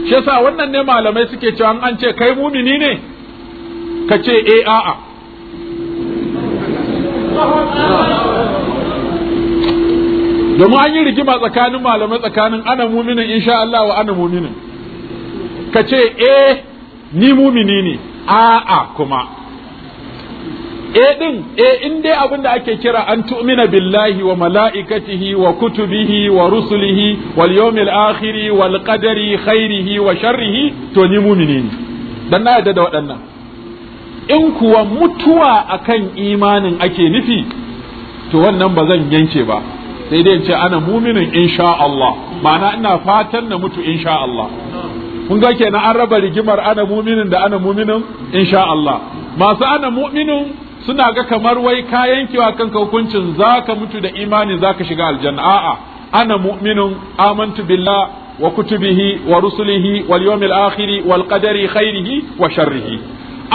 shi yasa wannan ne malamai suke cewa an ce kai mumini ne ka ce eh, a'a domin an yi rigima tsakanin malamai tsakanin ana muminin insha Allah wa ana muminin ka ce eh ni mumini ne a'a kuma eh din e in dai abin da ake kira an tu'mina billahi wa mala'ikatihi wa kutubihi wa rusulihi wal yawmil akhir wal qadari khairihi wa sharrihi to ni mumini ne dan na yadda da waɗannan in kuwa mutuwa akan imanin ake nufi to wannan ba zan yanke ba sai dai ce ana muminin insha Allah ma'ana ina fatan na mutu insha Allah kun ga kenan an raba rigimar ana muminin da ana muminin insha Allah masu ana muminin suna ga kamar wai ka yankewa kanka hukuncin zaka mutu da imani zaka shiga aljanna a'a ana mu'minun amantu billah wa kutubihi wa rusulihi wal yawmil akhir wal qadari khairihi wa sharrihi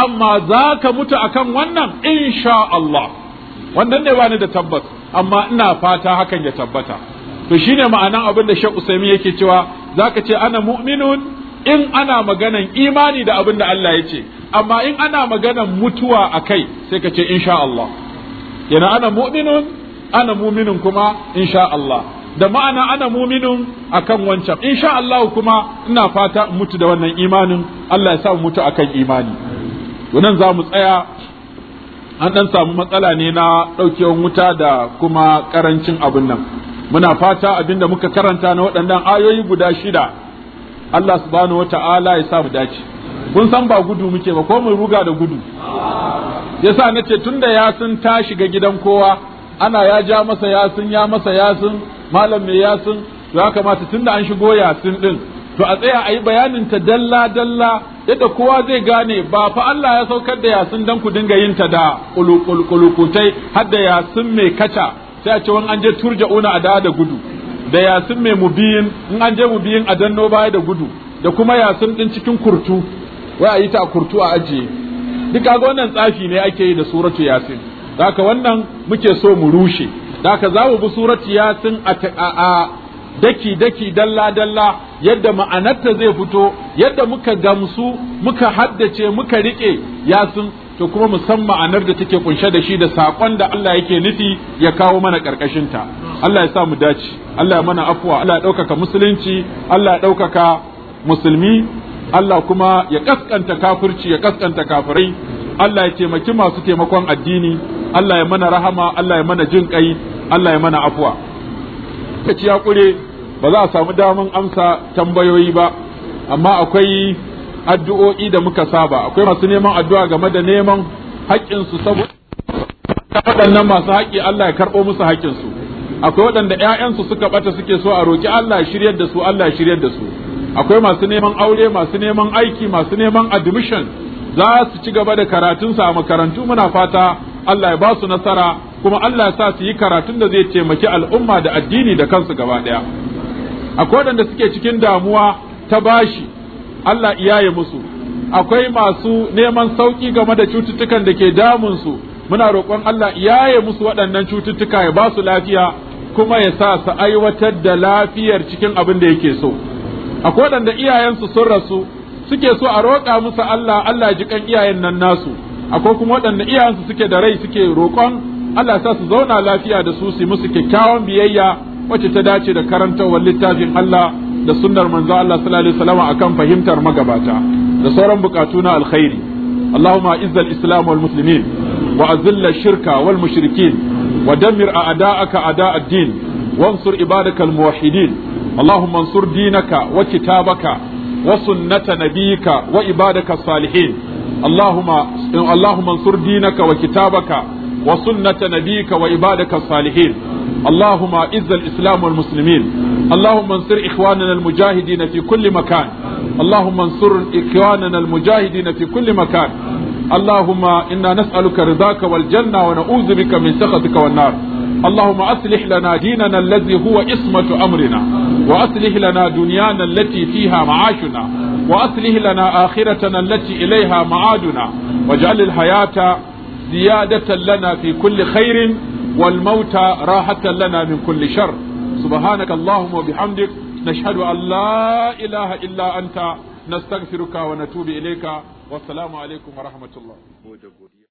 amma zaka mutu akan wannan insha Allah wannan ne bani da tabbas amma ina fata hakan ya tabbata to shine ma'anan abin da Sheikh Usaimi yake cewa zaka ce ana mu'minun in ana maganan imani da abin da Allah ya ce amma in ana maganan mutuwa a kai sai ka ce insha Allah yana ana mu'minun ana muminun kuma insha Allah da ma'ana ana muminun akan wancan insha Allah kuma ina fata in mutu da wannan imanin Allah ya sa mutu akan imani nan za mu tsaya an dan samu matsala ne na daukewar wuta da kuma karancin abin nan muna fata abinda muka karanta na waɗannan ayoyi guda shida Allah subhanahu wa ya sa mu dace kun san ba gudu muke ba ko mun ruga da gudu yasa nace tunda ya sun ta shiga gidan kowa ana ya ja masa yasin ya masa yasin malam mai yasin ya kamata tunda an shigo yasin din to a tsaya ayi bayanin ta dalla dalla yadda kowa zai gane ba fa Allah ya saukar da yasin dan ku dinga yin ta da kulukulukutai har da yasin mai kaca sai a ce wani an je turja'una a da gudu da yasin mai mubiyin in an je mubiyin a danno baya da gudu da kuma yasin din cikin kurtu wai a yi ta kurtu a ajiye duk ga wannan tsafi ne ake yi da suratu yasin haka wannan muke so mu rushe daka za mu bi suratu yasin a daki daki dalla dalla yadda ma'anarta zai fito yadda muka gamsu muka haddace muka rike yasin to kuma musamman ma'anar da take kunshe da shi da sakon da Allah yake nufi ya kawo mana karkashin ta Allah ya sa mu dace Allah ya mana afwa Allah ya ɗaukaka musulunci Allah ya ɗaukaka musulmi Allah kuma ya kaskanta kafirci ya kaskanta kafirai Allah ya taimaki masu taimakon addini Allah ya mana rahama Allah ya mana jin kai Allah ya mana afuwa kaci ya kure ba za a samu daman amsa tambayoyi ba amma akwai addu'o'i da muka saba akwai masu neman addu'a game da neman haƙƙinsu saboda waɗannan masu haƙƙi Allah ya karɓo musu su akwai waɗanda ‘ya'yansu suka bata suke so a roƙi Allah ya shiryar da su Allah ya shiryar da su akwai masu neman aure masu neman aiki masu neman admission za su ci gaba da karatunsu a makarantu muna fata Allah ya ba su nasara kuma Allah ya sa su yi karatun da zai taimaki al'umma da addini da kansu gaba ɗaya akwai waɗanda suke cikin damuwa ta bashi Allah iyaye musu akwai masu neman sauƙi game da cututtukan da ke damunsu muna roƙon Allah iyaye musu waɗannan cututtuka ya ba su lafiya kuma ya sa su aiwatar da lafiyar cikin abin da yake so akwai waɗanda iyayensu sun rasu suke so a roƙa musu Allah Allah ji kan iyayen nan nasu akwai kuma waɗanda iyayensu suke da rai suke roƙon Allah sa su zauna lafiya da su su musu kyakkyawan biyayya wacce ta dace da karantawar littafin Allah da sunnar manzo Allah sallallahu alaihi wasallam akan fahimtar magabata da sauran bukatu na alkhairi اللهم أعز الإسلام والمسلمين وأذل الشرك والمشركين ودمر أعداءك أعداء الدين وانصر عبادك الموحدين اللهم انصر دينك وكتابك وسنة نبيك وعبادك الصالحين اللهم اللهم انصر دينك وكتابك وسنة نبيك وعبادك الصالحين اللهم اعز الاسلام والمسلمين اللهم انصر اخواننا المجاهدين في كل مكان اللهم انصر اخواننا المجاهدين في كل مكان اللهم انا نسالك رضاك والجنه ونعوذ بك من سخطك والنار اللهم اصلح لنا ديننا الذي هو اسمه امرنا وأصلح لنا دنيانا التي فيها معاشنا وأصلح لنا آخرتنا التي إليها معادنا واجعل الحياة زيادة لنا في كل خير والموت راحة لنا من كل شر سبحانك اللهم وبحمدك نشهد أن لا إله إلا أنت نستغفرك ونتوب إليك والسلام عليكم ورحمة الله